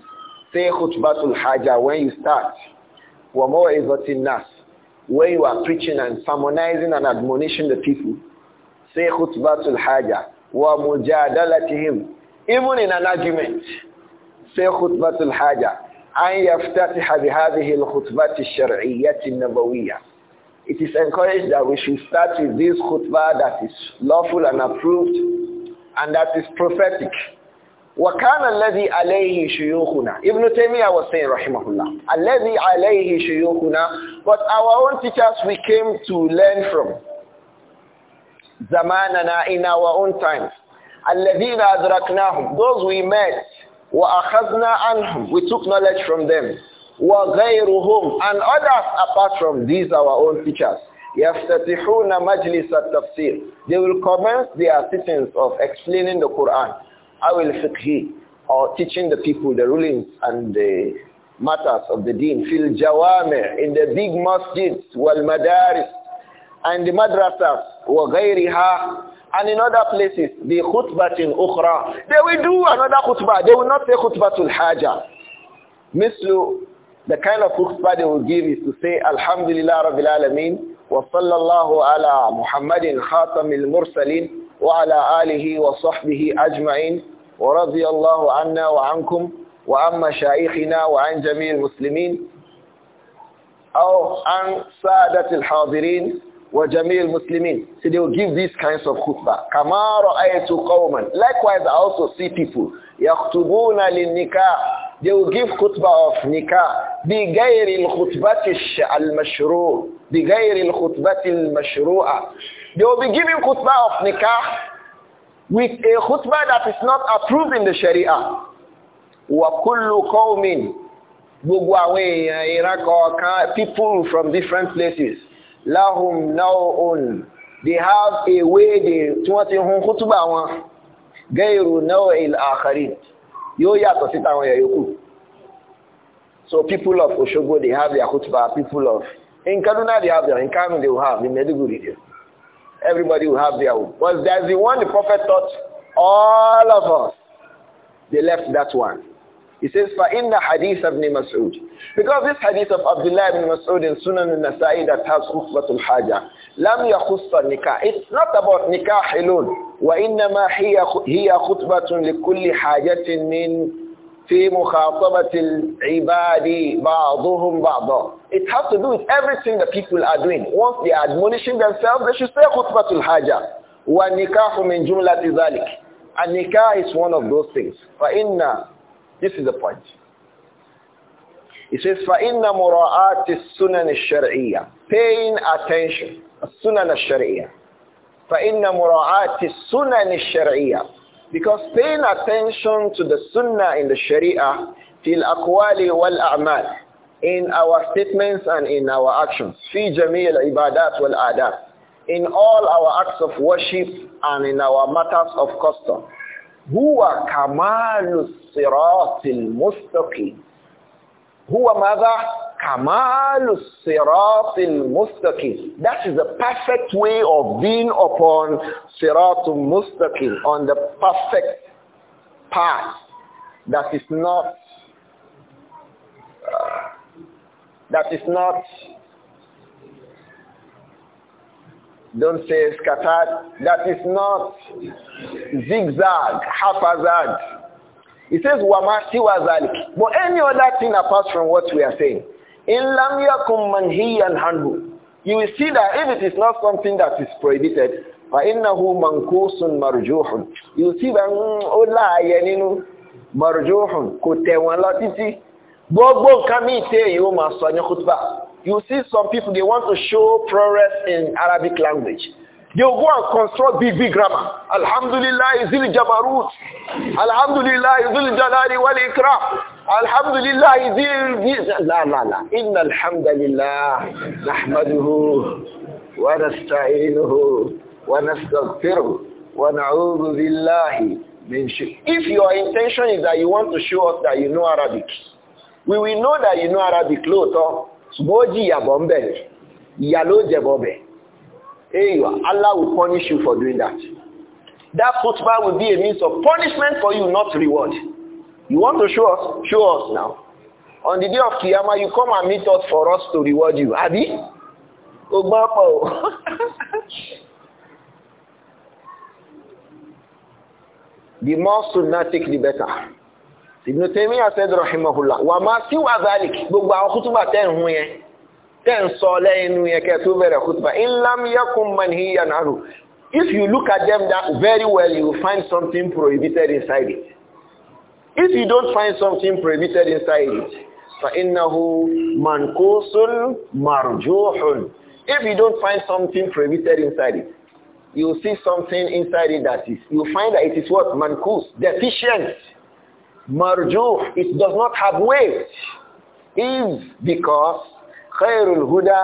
Say khutbatul Haja when you start. Wa mu'izatin nas. When you are preaching and sermonizing and admonishing the people. Say khutbatul Haja. Wa mujadalatihim. Even in an argument. Say khutbatul hajah. أن يفتتح بهذه الخطبة الشرعية النبوية it is encouraged that we should start with this khutbah that is lawful and approved and that is prophetic. وَكَانَ الَّذِي عَلَيْهِ شُيُوخُنَا Ibn Taymiyyah was saying, rahimahullah, الَّذِي عَلَيْهِ شُيُوخُنَا But our own teachers we came to learn from. زَمَانَنَا in our own times. الَّذِينَ أَدْرَكْنَاهُمْ Those we met, وَأَخَذْنَا عَنْهُمْ We took knowledge from them. وغيرهم and others apart from these our own teachers يفتتحون مجلس التفسير they will commence their sittings of explaining the Quran أو الفقه or teaching the people the rulings and the matters of the deen في الجوامع in the big mosques والمدارس and the madrasas وغيرها and in other places the in ukhra they will do another khutbah they will not say khutbatul haja مثل The kind of khutbah they will give is to say, Alhamdulillah Rabbil Alameen, wa sallallahu ala Muhammadin khatamil mursalin, wa ala alihi wa sahbihi ajma'in, wa radiyallahu anna wa ankum, wa amma shaykhina wa an jami'il muslimin, aw an عن hadirin wa وجميع muslimin So they will give these kinds of khutbah. كما ayatu qawman Likewise I also see people. lil nikah They will give khutbah of nikah بغير الخطبة المشروع بغير الخطبة المشروعة They will be giving khutbah of nikah with a khutbah that is not approved in the sharia. وَكُلُّ قَوْمٍ people from different places. lahum نَوْءٌ They have a way they tí wọ́n ti hun khutbah wọn. غَيْرُ نَوْءِ الْآخَرِينَ yóò yàtọ̀ sí táwọn ẹ̀yà yòókù so people of Osogbo they have their kutuba people of in Kaduna they have their in Kano they will have in Maiduguri they everybody will have their own but there's the one the prophet taught all of us they left that one he says "For in the hadith of مَسْعُودٍ because this hadith of Abdullah ibn Mas'ud in Sunan al-Nasa'i that has khutbatul hajah lam yakhus nikah it's not about nikah alone وإنما هي هي خطبة لكل حاجة من في مخاطبة العباد بعضهم بعضا. It has to do with everything that people are doing. Once they are admonishing themselves, they should say خطبة الحاجة. والنكاح من جملة ذلك. And nikah is one of those things. فإن This is the point. It says فإن مراعاة السنن الشرعية. Paying attention. السنن الشرعية. فَإِنَّ مُرَاعَاتِ السُّنَنِ الشَّرْعِيَةِ Because paying attention to the sunnah in the sharia fil aqwali wal a'mal in our statements and in our actions fi jamil ibadat wal adab in all our acts of worship and in our matters of custom huwa kamalu siratil mustaqim huwa madha kamalu siratil mustaqim. That is the perfect way of being upon siratul mustaqim, on the perfect path that is not uh, that is not don't say scattered that is not zigzag haphazard it says wama siwa but any other thing apart from what we are saying in lam yakum manhiyan hanhu. You will see that if it is not something that is prohibited, فَإِنَّهُ مَنْكُوسٌ marjuhun. You will see that, mm, ó láàyè nínú, marjuhun, kò tẹ̀wọ̀n lọ títí. Gbogbo nǹkan mi tẹ́ yóò ma sọ ní You see some people, they want to show progress in Arabic language. They will go and construct big, big grammar. Alhamdulillah, Izil Jabarut. Alhamdulillah, Izil Jalali wal Ikram. Alhamdulillah, Izil... La, la, la. Inna alhamdulillah. Nahmaduhu. Wa nasta'inuhu. Wa nastaghfiruhu. Wa na'udhu billahi. If your intention is that you want to show us that you know Arabic, we will know that you know Arabic lóòótọ́. Ṣùgbọ́n ó jìyà bọ́ ń bẹ̀. Ìyà ló Here you are. Allah will punish you for doing that. That khutbah will be a means of punishment for you, not reward. You want to show us? Show us now. On the day of Qiyamah, you come and meet us for us to reward you. Abi? the more take the better. Ibn Taymiyyah said, Rahimahullah, wa ma siwa dhalik, gbogbo àwọn khutbah then ń in lẹ́yìn inú in lam yakun manhiyan if you look at them that very well you will find something prohibited inside it if you don't find something prohibited inside it فإنه mankusul مرجوح if you don't find something prohibited inside it you will see something inside it that is you find that it is what mankus deficient marjuh it does not have weight is because خير الهدى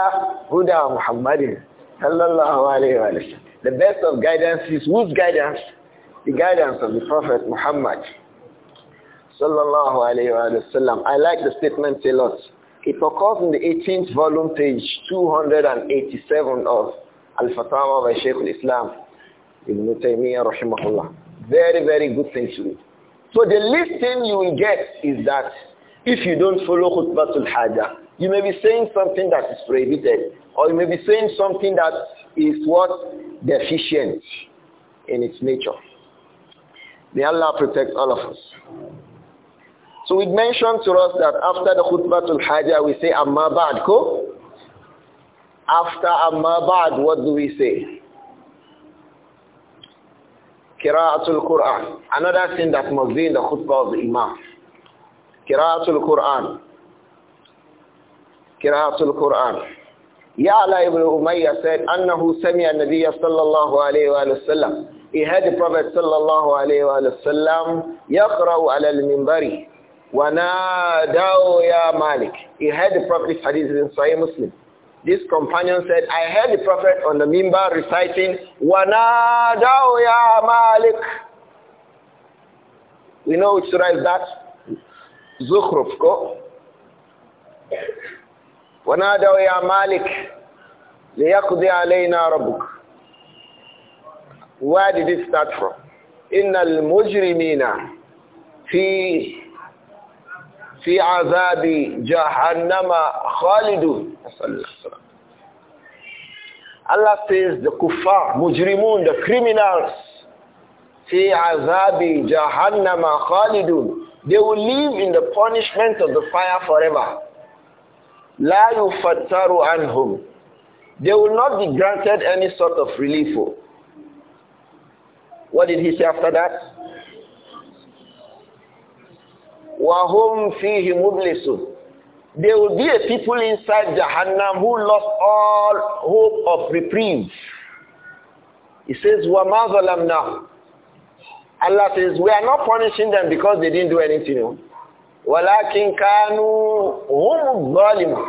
هدى محمد صلى الله عليه وسلم the best of guidance is whose guidance the guidance of the prophet Muhammad صلى الله عليه وسلم I like the statement a lot it occurs in the 18th volume page 287 of Al-Fatawa by Sheikh al-Islam Ibn Taymiyyah rahimahullah very very good thing to read so the least thing you will get is that if you don't follow khutbatul hajjah you may be saying something that is prohibited, or you may be saying something that is what? Deficient in its nature. May Allah protect all of us. So we mentioned to us that after the Khutbah to hajjah, we say amma ba'd ko. After amma ba'd, what do we say? Kira'atul Qur'an. Another thing that must be in the khutbah of the imam. Kira'atul Qur'an. Qira'atul Quran. Ya'la ابن أمية said, أنه سمع النبي صلى الله عليه وآله وسلم He heard the Prophet صلى الله عليه وآله وسلم يقرأ على المنبر وناداو يا مالك He heard the Prophet, this hadith is in Sahih Muslim. This companion said, I heard the Prophet on the minbar reciting, وناداو يا مالك We know which surah is that? Zuhruf ko? ونادوا يا مالك ليقضي علينا ربك Where did it start from? إن المجرمين في في عذاب جهنم خالدون صلى الله عليه وسلم Allah says the kuffar, mujrimun, the criminals, fi azabi jahannama khalidun. They will live in the punishment of the fire forever. La yufattaru anhum. They will not be granted any sort of relief. What did he say after that? وَهُمْ فِيهِ مُبْلِسُونَ There will be a people inside Jahannam who lost all hope of reprieve. He says, وَمَا ظَلَمْنَا Allah says, we are not punishing them because they didn't do anything walakin kanu hum zalimun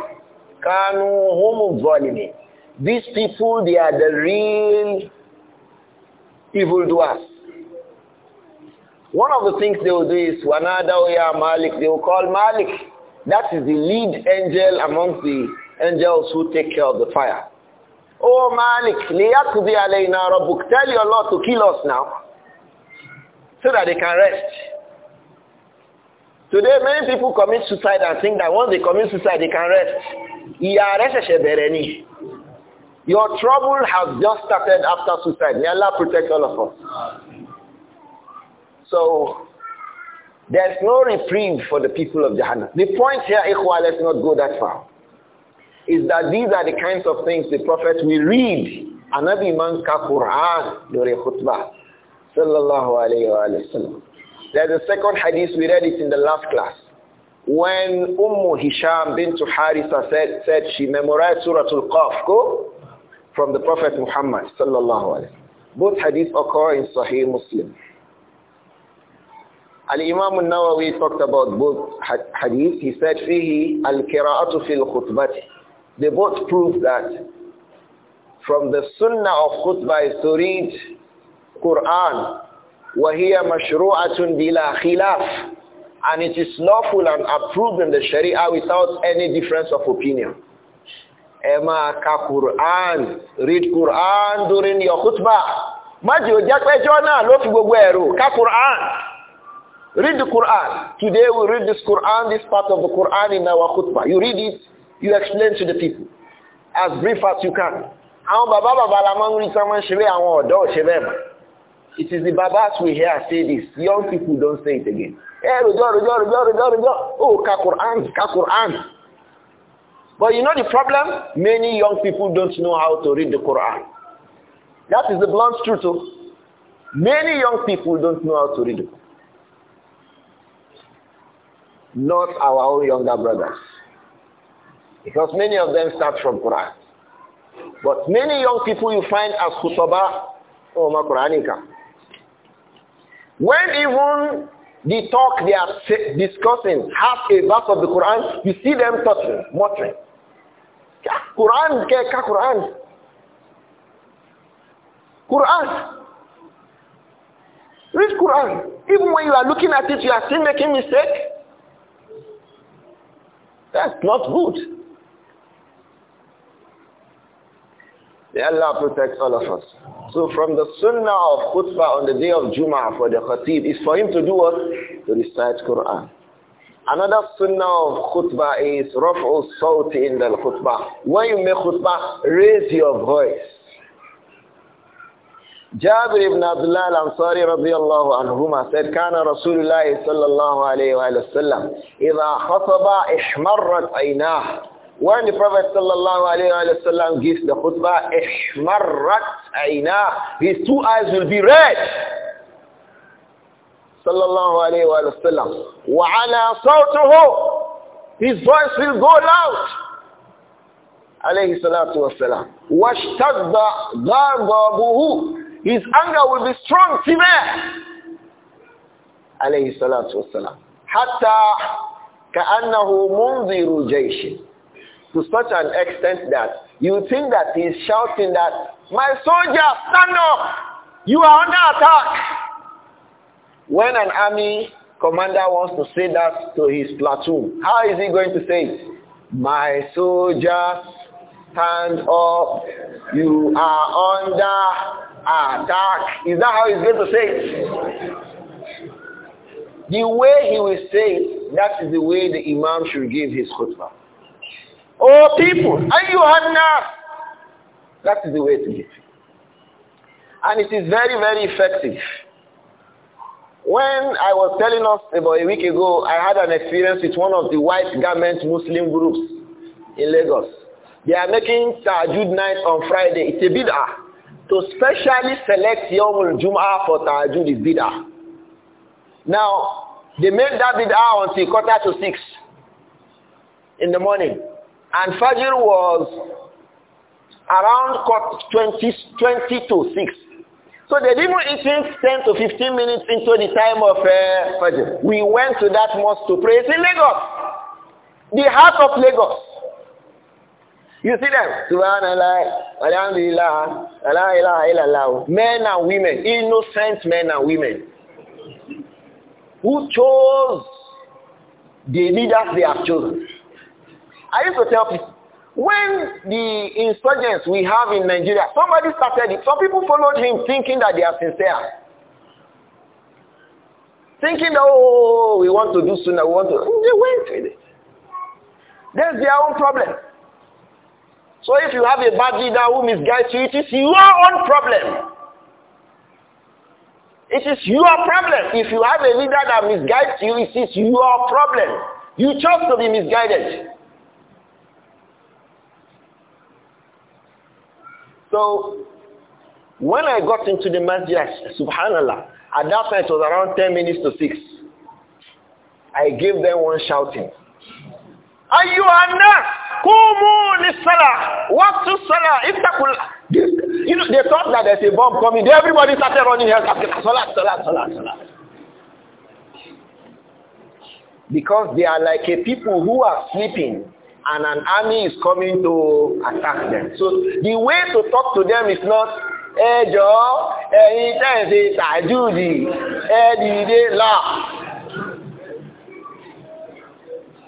kanu hum zalimin these people they are the real evil doers. one of the things they will do is they ya malik they will call malik that is the lead angel amongst the angels who take care of the fire oh malik liyaqdi alayna rabbuk tell your lord to kill us now so that they can rest Today, many people commit suicide and think that once they commit suicide, they can rest. Your trouble has just started after suicide. May Allah protect all of us. So, there's no reprieve for the people of Jahannam. The point here, Ikhwa, let's not go that far, is that these are the kinds of things the Prophet will read. another Manka Quran during khutbah. Sallallahu alayhi wa sallam. There's a second hadith, we read it in the last class. When Ummu Hisham bint Harisa said, said she memorized Surah Al-Qaf, go, from the Prophet Muhammad sallallahu alayhi Both hadiths occur in Sahih Muslim. Al-Imam al-Nawawi talked about both hadiths. He said, al-kiraatu fil الخطبة. They both prove that from the sunnah of khutbah is to read Quran وَهِيَ مَشْرُوعَةٌ بِلَا خِلَافٍ And it is lawful and approved in the Sharia without any difference of opinion. Emma ka Quran, read Quran during your khutbah. Maji ojakwe jona lo fi gbogbo ero ka Quran. Read the Quran. Today we read this Quran, this part of the Quran in our khutbah. You read it, you explain to the people as brief as you can. Àwọn bàbá bàbá la man ń rí sọ́mọ́ ṣe bẹ́ẹ̀ àwọn ọ̀dọ́ ṣe it is the babas we hear say this. Young people don't say it again. Hey, rejo, rejo, rejo, rejo, rejo. Oh, ka Quran, Quran. But you know the problem? Many young people don't know how to read the Quran. That is the blunt truth. Oh. Many young people don't know how to read it. Not our own younger brothers. Because many of them start from Quran. But many young people you find as khutaba or oh, makuranika. When even the talk they are discussing has a verse of the Quran, you see them touching, muttering. Quran, Quran. Quran. Read Quran. Even when you are looking at it, you are still making mistake. That's not good. May Allah protect all of us. So from the sunnah of khutbah on the day of Jum'ah for the khatib is for him to do what? To recite Quran. Another sunnah of khutbah is raf'u sawt in the khutbah. When you make khutbah, raise your voice. Jabir ibn Abdullah al-Ansari radiyallahu anhuma said, كان رسول الله صلى الله عليه وسلم إذا خطب احمرت عيناه when the Prophet sallallahu ﷺ gives the khutbah, ihmarrat his two eyes will be red. Sallallahu alayhi wa sallam. Wa ala sawtuhu. His voice will go loud. Alayhi salatu wa sallam. Wa shtadda His anger will be strong, severe. Alayhi salatu wa sallam. Hatta كأنه منذر جيش to such an extent that you think that he's shouting that, my soldier, stand up! You are under attack! When an army commander wants to say that to his platoon, how is he going to say it? My soldier, stand up. You are under attack. Is that how he's going to say it? The way he will say it, that is the way the imam should give his khutbah. Oh people, are you enough? That is the way to live. And it is very, very effective. When I was telling us about a week ago, I had an experience with one of the white garment Muslim groups in Lagos. They are making Tajud night on Friday. It's a bid'ah. To specially select Yom Jum'ah for Tajud is bid'ah. Now, they made that bid'ah until quarter to six in the morning. And Fajr was around 20, 20 to 6. So they didn't eat 10 to 15 minutes into the time of uh, Fajr. We went to that mosque to pray. It's in Lagos. The heart of Lagos. You see them? Subhanallah, Men and women, innocent men and women. Who chose the leaders they have chosen. I used to tell people, when the insurgents we have in Nigeria, somebody started it. Some people followed him thinking that they are sincere. Thinking that, oh, we want to do sooner, we want to. They went with it. That's their own problem. So if you have a bad leader who misguides you, it is your own problem. It is your problem. If you have a leader that misguides you, it is your problem. You chose to be misguided. So when I got into the masjid, subhanallah, at that time it was around 10 minutes to 6. I gave them one shouting. أيها الناس قوموا للصلاة وقت الصلاة اتقوا You know, they thought that there's a bomb coming. Everybody started running here. Salah, salah, salah, salah. Because they are like a people who are sleeping and an army is coming to attack them. So the way to talk to them is not, ẹ jọ̀ọ́ ẹ̀yin tẹ́ ṣe tàjúdì ẹ dìde lọ.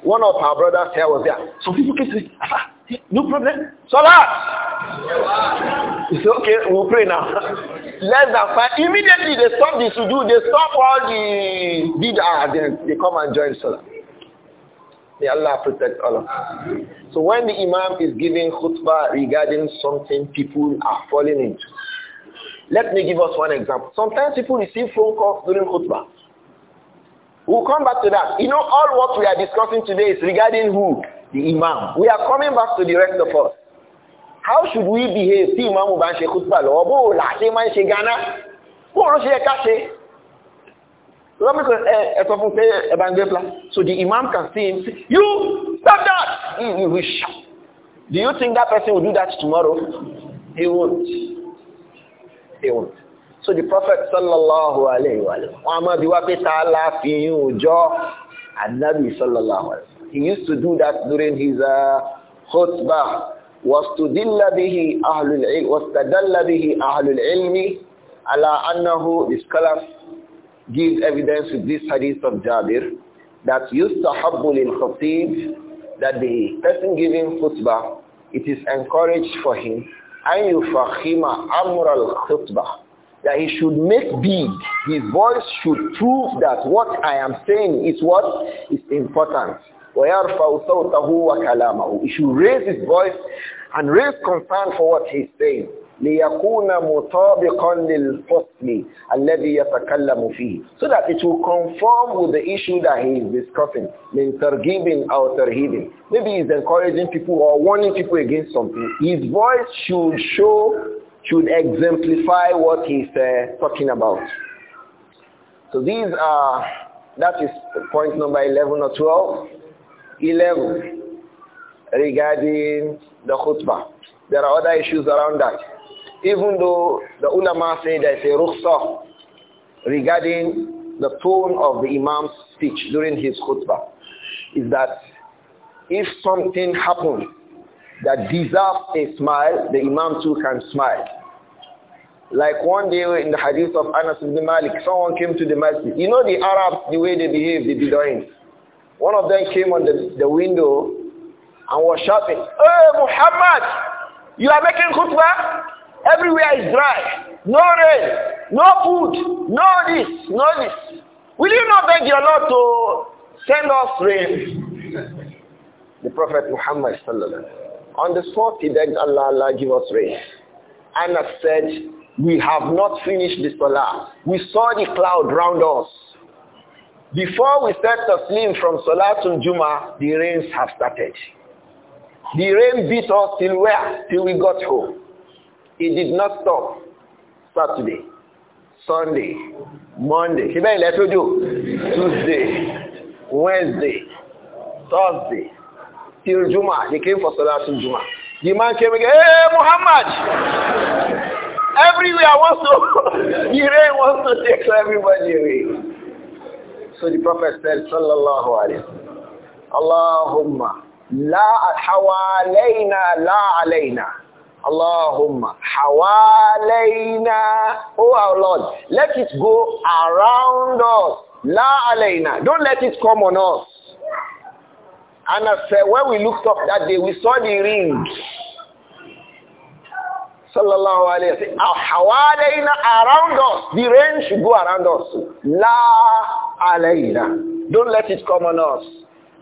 One of our brothers here was there. Some people came to me, ah, ah, no problem. Salat. It's okay, we'll pray now. Less than five. Immediately they stop the sujood, they stop all the bid'ah, then they come and join Salah. May Allah protect all of us. So when the Imam is giving khutbah regarding something people are falling into, let me give us one example. Sometimes people receive phone calls during khutbah. We'll come back to that. You know, all what we are discussing today is regarding who? The Imam. We are coming back to the rest of us. How should we behave? eh, eh say, So the imam can see him, say, you, stop that! He, will shout. Do you think that person will do that tomorrow? He won't. He won't. So the Prophet sallallahu alayhi wa sallam, ta'ala and sallallahu He used to do that during his uh, khutbah. واستدل به أهل العلم واستدل به أهل العلم على أنه gives evidence with this hadith of Jabir that have lil khatib that the person giving khutbah it is encouraged for him an yufakhima amr al khutbah that he should make big his voice should prove that what i am saying is what is important ويرفع صوته وكلامه he should raise his voice and raise concern for what he is saying لِيَكُونَ مُطَابِقًا لِلْفَصْلِ الَّذِي يَتَكَلَّمُ فِيهِ So that it will conform with the issue that he is discussing. مِنْ تَرْغِيبٍ أَوْ تَرْهِيبٍ Maybe he's encouraging people or warning people against something. His voice should show, should exemplify what he's uh, talking about. So these are, that is point number 11 or 12. 11 regarding the khutbah. There are other issues around that even though the ulama say there is a rukhsah regarding the tone of the imam's speech during his khutbah, is that if something happens that deserves a smile, the imam too can smile. Like one day in the hadith of Anas ibn Malik, someone came to the masjid. You know the Arabs, the way they behave, the Bedouins. One of them came on the, the window and was shouting, "Oh Muhammad, you are making khutbah? Everywhere is dry. No rain, no food, no this, no this. Will you not beg your Lord to send us rain? The Prophet Muhammad on the fourth he begged Allah, Allah give us rain. Anna said, we have not finished the salah. We saw the cloud round us. Before we set the slim from to Juma, the rains have started. The rain beat us till where? Till we got home. He did not stop. Saturday, Sunday, Monday, ṣíbẹ̀ Let tó do. Tuesday, Wednesday, Thursday, till Juma, he came for Salah in Juma. The man came again, hey Muhammad! Everywhere want to, the rain wants to take everybody away. So the Prophet said, Sallallahu Alaihi Wasallam, Allahumma, la hawalaina la alaina. Allahumma hawalayna. Oh our Lord, let it go around us. La alayna. Don't let it come on us. And I said, uh, when we looked up that day, we saw the ring. Sallallahu alayhi wa Hawalayna around us. The rain should go around us. La alayna. Don't let it come on us.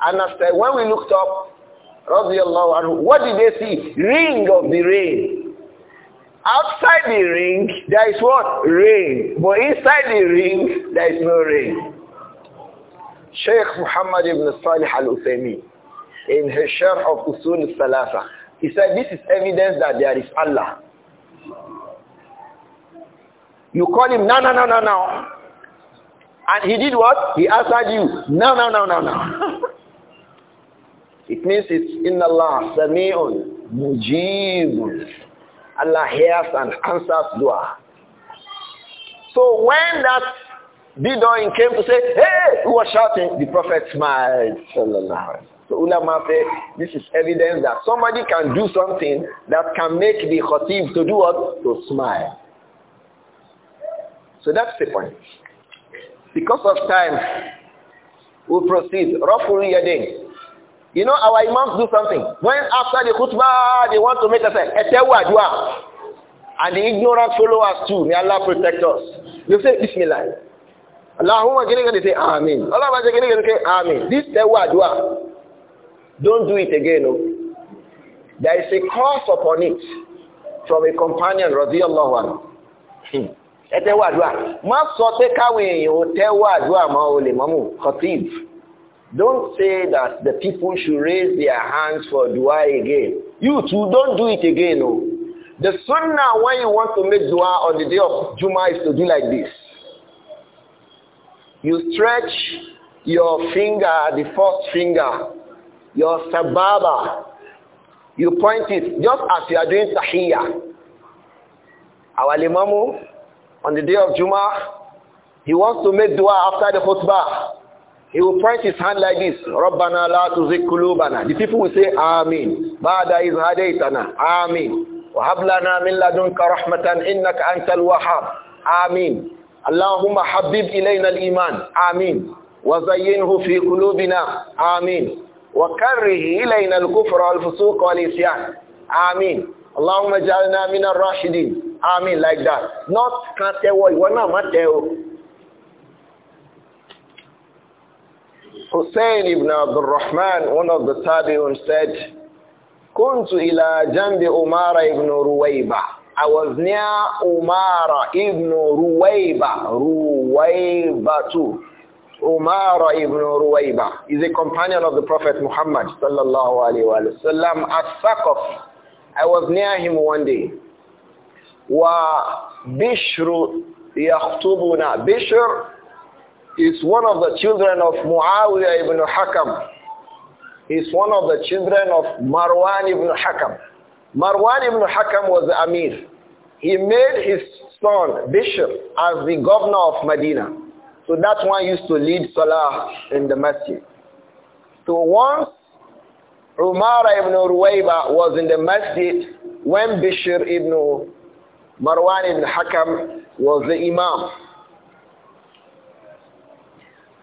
And I said, uh, when we looked up, what did they see? Ring of the rain. Outside the ring, there is what? Rain. But inside the ring, there is no rain. Sheikh Muhammad ibn Salih al-Uthaymi, in his Sharh of Usul al-Salasa, he said this is evidence that there is Allah. You call him, no, no, no, no, no. And he did what? He answered you, no, no, no, no, no. It means it's in Allah, Sami'un, Mujibun. Allah hears and answers dua. So when that Bidoin came to say, hey, who was shouting? The Prophet smiled. So ulama say, this is evidence that somebody can do something that can make the khatib to do what? To smile. So that's the point. Because of time, we will proceed. Roughly again. You know, our imams do something. When after the khutbah, they want to make a say, Etewa dua. And the ignorant followers too. May Allah protect us. They say, Bismillah. Allahumma gini they say, Amen. Allahumma gini gini say, Amen. This Etewa dua. Don't do it again. No. Oh. There is a curse upon it from a companion, radiyallahu anhu. Etewa dua. Ma sote kawe Etewa dua ma ole mamu khatib. Don't say that the people should raise their hands for dua again. You too, don't do it again. No. Oh. The sunnah when you want to make dua on the day of Juma is to do like this. You stretch your finger, the first finger, your sababa. You point it just as you are doing tahiyya. Our Imamu on the day of Juma, he wants to make dua after the khutbah. He will point his hand like this. Rabbana la tuzigh qulubana. The people will say Amin. Ba'da iz hadaytana. Amin. Wahablana hab min ladunka rahmatan innaka antal wahab. Amin. Allahumma habib ilayna al-iman. Amin. Wa fi kulubina. Amin. Wakarrihi ilayna al-kufra wal-fusuq wal-isyan. Amin. Allahumma ja'alna min ar-rashidin. Amin like that. Not can't tell what you want, not tell Hussein ibn Abdul Rahman, one of the Tabi'un, said, كنت إلى جنب أمارة ibn I was near Umara ibn Ruwayba, Ruwayba too. Umara ibn Ruwayba is a companion of the Prophet Muhammad sallallahu alaihi wasallam at Saqaf. I was near him one day. Wa Bishru yakhtubuna. Bishr is one of the children of Muawiyah ibn Hakam. He's one of the children of Marwan ibn Hakam. Marwan ibn Hakam was the Amir. He made his son bishop as the governor of Medina. So that one used to lead Salah in the masjid. So once Umar ibn Ruwayba was in the masjid when Bishr ibn Marwan ibn Hakam was the imam.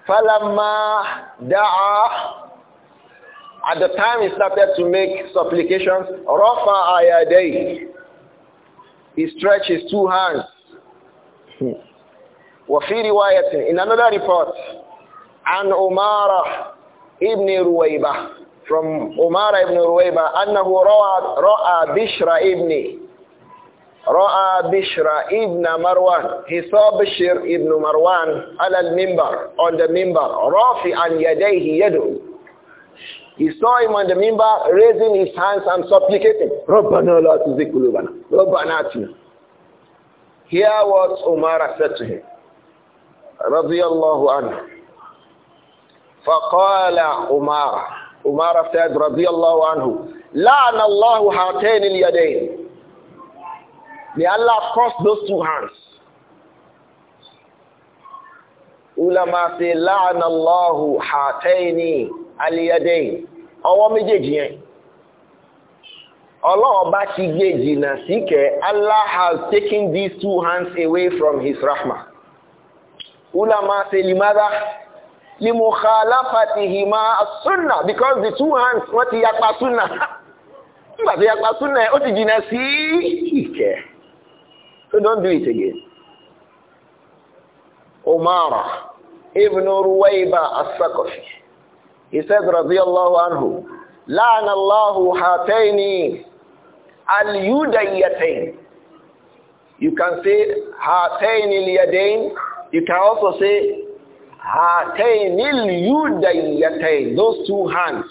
Falama da'a. At the time he started to make supplications, Rafa Day. He stretched his two hands. Hmm. Wafiri wayatin. In another report, an Umar ibn Ruwaybah. From Umar ibn Ruwaybah. Anna hu ra'a bishra ibni. رأى بشرى ibn Marwan. He saw بشر ibn Marwan على المنبر on the منبر Rafi يديه yadayhi He saw him on the منبر raising his hands and supplicating. ربنا لا la قلوبنا ربنا atina. Here was Umar said to him. رضي الله عنه فقال عمر عمر said رضي الله عنه لعن الله هاتين اليدين May Allah cross those two hands. Ulama say, La'an Allahu hataini aliyadain. Ọwọ́ méjèèjì yẹn. Allah bá ti gbé jìnà síkẹ̀, Allah has taken these two hands away from his rahmah. Ulama say, Limada, limukhalafatihi ma as-sunnah because the two hands wọ́n ti yapa sunnah. Nígbà tó yapa sunnah, ó ti jìnà sí so don't do it again. Umar ibn Ruwayba al sakafi He said, radiyallahu anhu, لَعْنَ اللَّهُ حَاتِينِ الْيُدَيَّتَيْنِ You can say, حَاتِينِ الْيَدَيْنِ You can also say, حَاتِينِ الْيُدَيَّتَيْنِ Those two hands.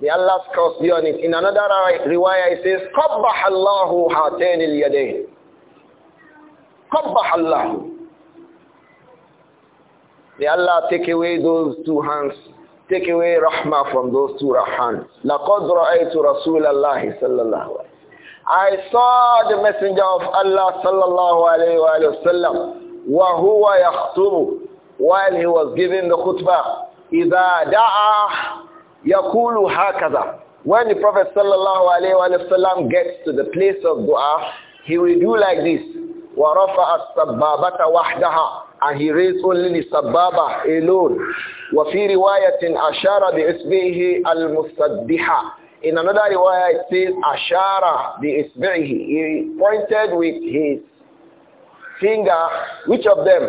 May Allah's curse be on it. In another riwayah, it says, قَبَّحَ اللَّهُ حَاتِينِ الْيَدَيْنِ قبح Allah. May Allah take away those two hands. Take away rahmah from those two hands. لَقَدْ رَأَيْتُ رَسُولَ اللَّهِ صَلَّى اللَّهُ I saw the messenger of Allah sallallahu alayhi wa sallam While he was giving the khutbah إِذَا دَعَى yakulu hakaza. When the Prophet sallallahu alayhi wa sallam gets to the place of dua, he will do like this. ورفع السبابة وحدها and he raised only the sababa alone وفي رواية أشار بإسبعه المسدحة in another riwayah it says أشار بإسبعه he pointed with his finger which of them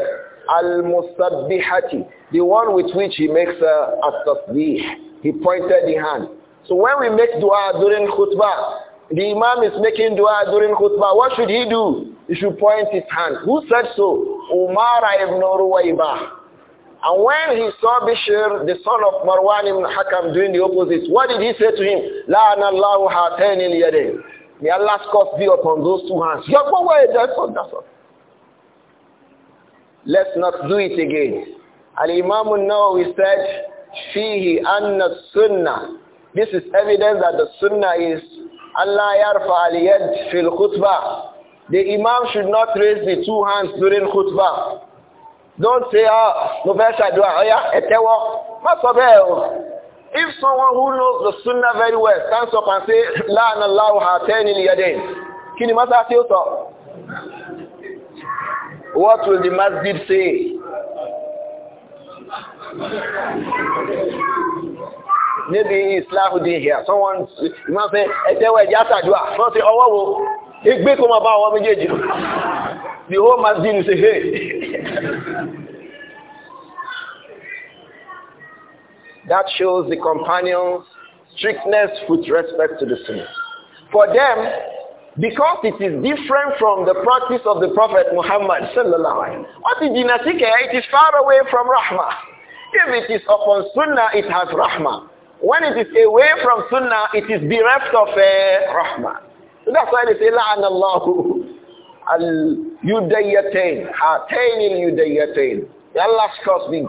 al-musabbihati the one with which he makes uh, a tasbih he pointed the hand so when we make dua during khutbah the imam is making dua during khutbah, what should he do? He should point his hand. Who said so? Umar ibn Ruwaybah. And when he saw Bishr, the son of Marwan ibn Hakam, doing the opposite, what did he say to him? La anallahu hatayni liyadayn. May Allah's curse be upon those two hands. that's all, that's all. Let's not do it again. Al-Imam al-Nawawi said, Fihi anna sunnah. This is evidence that the sunnah is Allah yarfa al fil khutbah. The imam should not raise the two hands during khutbah. Don't say, ah, oh, no fẹ́ ṣàdúrà, ọ̀yá ẹ̀tẹ́wọ́. Má sọ bẹ́ẹ̀ If someone who knows the sunnah very well stands up and say, La láwù àtẹ́ni lìyàdẹ́n, kí ni mọ́sá tí ó sọ? What will the masjid say? Maybe Islam would be here. Someone, you might say, Etewe Jatadua. Someone say, Ọwọ́ wo, big kó about bá ọwọ́ méjèèjì. The whole masjid say, hey. That shows the companions' strictness with respect to the sunnah. For them, because it is different from the practice of the Prophet Muhammad sallallahu What is jinatika? It is far away from rahmah. If it is upon sunnah, it has rahmah. When it is away from sunnah, it is bereft of uh, rahmah. So that's why they say, لَعَنَ اللَّهُ الْيُدَيَّتَيْنِ هَاتَيْنِ الْيُدَيَّتَيْنِ Allah's curse be,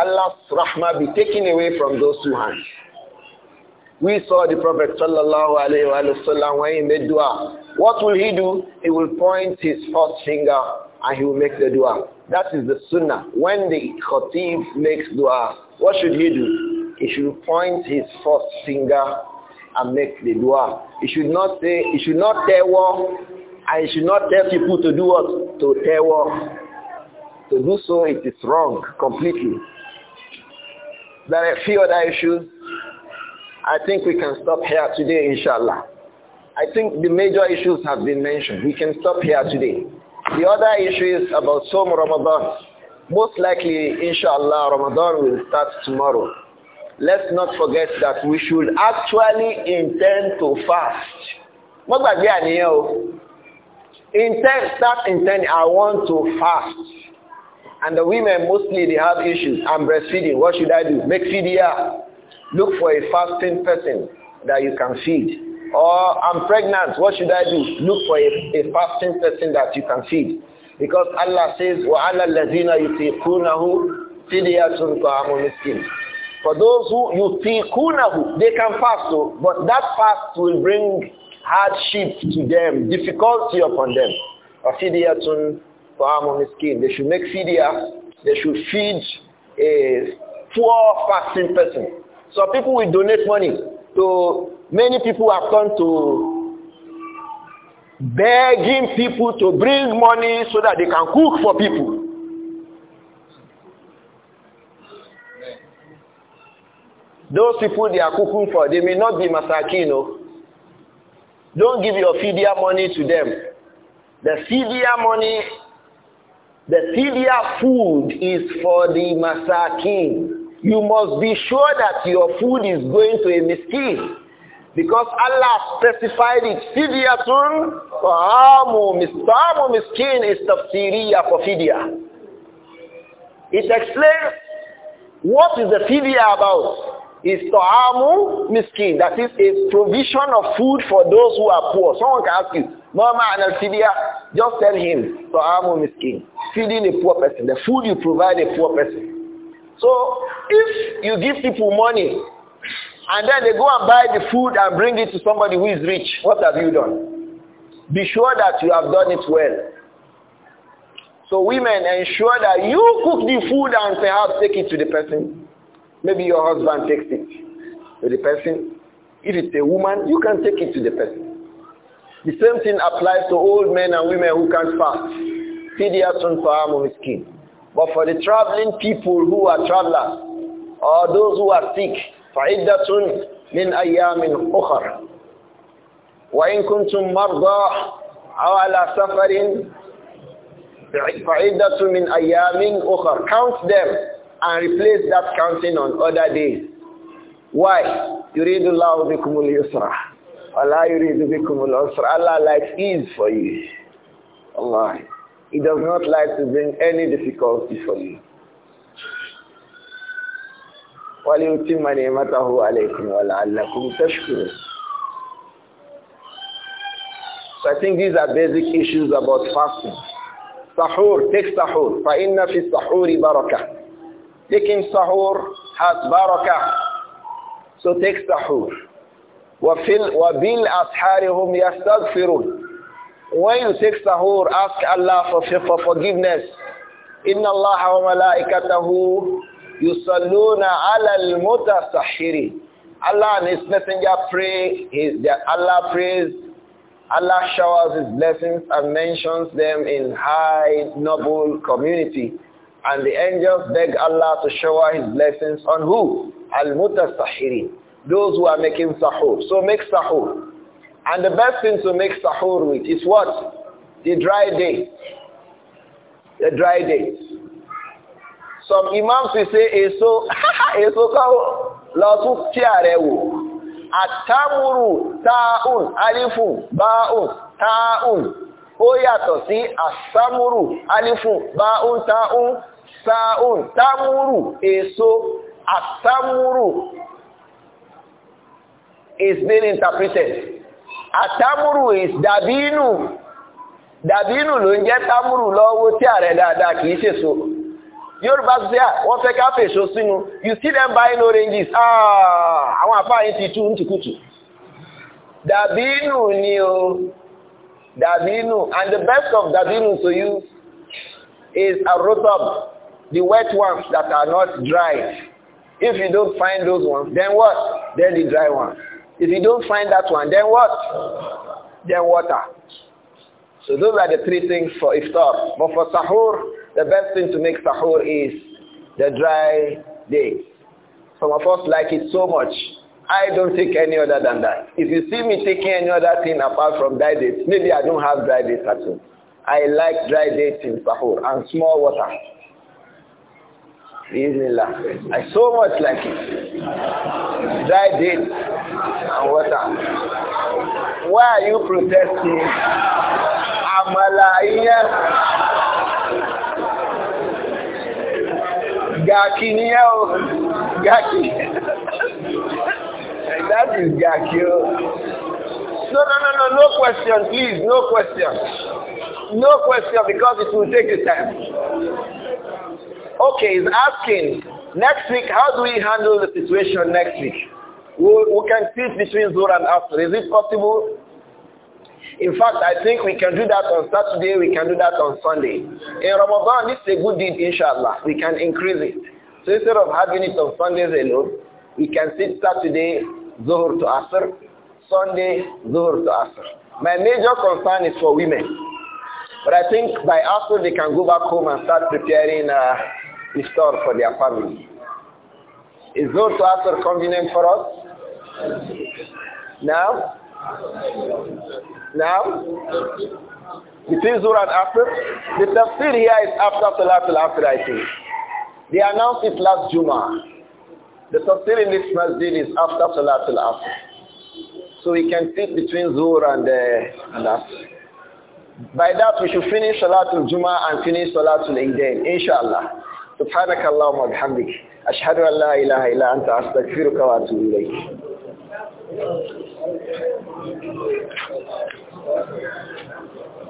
Allah's rahmah be taken away from those two hands. We saw the Prophet sallallahu alayhi wa sallam when he made dua. What will he do? He will point his first finger and he will make the dua. That is the sunnah. When the khatib makes dua, what should he do? he should point his first finger and make the dua. He should not say, he should not tell war, and he should not tell people to do what? To tell war. To do so, it is wrong completely. There are a few other issues. I think we can stop here today, inshallah. I think the major issues have been mentioned. We can stop here today. The other issue is about some Ramadan. Most likely, inshallah, Ramadan will start tomorrow let's not forget that we should actually intend to fast. Mo gbàgbé àníyàn o. Intend, start intend, I want to fast. And the women mostly they have issues. I'm breastfeeding. What should I do? Make fidya. Look for a fasting person that you can feed. Or I'm pregnant. What should I do? Look for a, a fasting person that you can feed. Because Allah says, وَعَلَى الَّذِينَ يُتِيقُونَهُ فِدْيَةٌ طَعَامُ مِسْكِينٍ for those who you who they can fast, so, oh, but that fast will bring hardship to them, difficulty upon them. They should make fidia. They should feed a poor fasting person. So people will donate money. So many people have come to begging people to bring money so that they can cook for people. Those people they are cooking for, they may not be masakino. Oh. Don't give your fidya money to them. The fidya money, the fidya food is for the masakin. You must be sure that your food is going to a miskin. Because Allah specified it. Fidyatun ta'amu mistamu miskin is tafsiriya for fidya. It explains what is the fidya about is toamu miskin. That is a provision of food for those who are poor. Someone can ask you, Mama and Alcidia, just tell him, toamu miskin. Feeding a poor person. The food you provide a poor person. So if you give people money and then they go and buy the food and bring it to somebody who is rich, what have you done? Be sure that you have done it well. So women, ensure that you cook the food and perhaps take it to the person Maybe your husband takes it to the person. If it's a woman, you can take it to the person. The same thing applies to old men and women who can't fast. Fidyatun ta'amu skin. But for the traveling people who are travelers, or those who are sick, فَعِدَّةٌ مِنْ أَيَّامٍ أُخَرَ وَإِن كُنْتُمْ مَرْضَى أَوْ عَلَى سَفَرٍ فَعِدَّةٌ مِنْ أَيَّامٍ أُخَرَ Count them and replace that counting on other days. Why? You read the law of the بكم العسر. Allah likes ease for you. Allah. He does not like to bring any difficulty for you. وليتم نعمته عليكم ولعلكم تشكرون So I think these are basic issues about fasting. Sahur, take sahur. فَإِنَّ فِي السَّحُورِ بَرَكَةٌ Taking sahur has barakah. So take sahur. وَفِي وَبِالْأَسْحَارِ هُمْ يَسْتَغْفِرُونَ When you take sahur, ask Allah for, for forgiveness. إِنَّ اللَّهَ وَمَلَائِكَتَهُ yusalluna عَلَى mutasahhirin Allah and his messenger pray his Allah prays Allah showers his blessings and mentions them in high noble community and the angels beg Allah to shower his blessings on who? Al-mutasahirin. Those who are making sahur. So make sahur. And the best thing to make sahur with is what? The dry dates. The dry dates. Some imams will say, Eso, Eso kao, la tí At wò. Àtàmúrù, alifu, alifun, báàùn, ó yàtọ̀ sí àsámúrù alifun bá ń ta ń sa ń támúrù èso àsámúrù is being interpreted Atamuru is dàbínù dàbínù ló ń jẹ́ támúrù lọ́wọ́ tí ààrẹ dáadáa kìí so. yorùbá sọ yà wọ́n fẹ́ ká fèso sínú you see them buying oranges ah, àwọn àfáà yìí ti tú ń tìkùtù dàbínù ni o. Oh. Dabinu. And the best of dabinu to use is a of the wet ones that are not dried. If you don't find those ones, then what? Then the dry ones. If you don't find that one, then what? Then water. So those are the three things for iftar. But for sahur, the best thing to make sahur is the dry dates. Some of us like it so much. I don't take any other than that. If you see me taking any other thing apart from dry dates, maybe I don't have dry dates at all. I like dry dates in Sahur and small water. Bismillah. I so much like it. Dry dates and water. Why are you protesting? Amalaya. Gakiniya. Gakiniya. That is Gakio. No, no, no, no, no question, please, no question. No question because it will take the time. Okay, he's asking, next week, how do we handle the situation next week? We, we can sit between Zohar and After. Is it possible? In fact, I think we can do that on Saturday, we can do that on Sunday. In Ramadan, this is a good deed, inshallah. We can increase it. So instead of having it on Sundays alone, we can sit Saturday, Zuhur to Asr, Sunday, Zuhur to Asr. My major concern is for women. But I think by Asr they can go back home and start preparing uh, store for their family. Is Zuhur to Asr convenient for us? Now? Now? Between Zuhur and Asr? The tafsir here is after Salatul Asr, I think. They announced it last Jummah. The tafsir in this masjid is after Salatul Asr. So we can sit between Zuhr and, uh, and Asr. By that we should finish Salatul Jummah and finish Salatul Idain, inshallah. سبحانك اللهم وبحمدك أشهد أن لا إله إلا أنت أستغفرك وأتوب إليك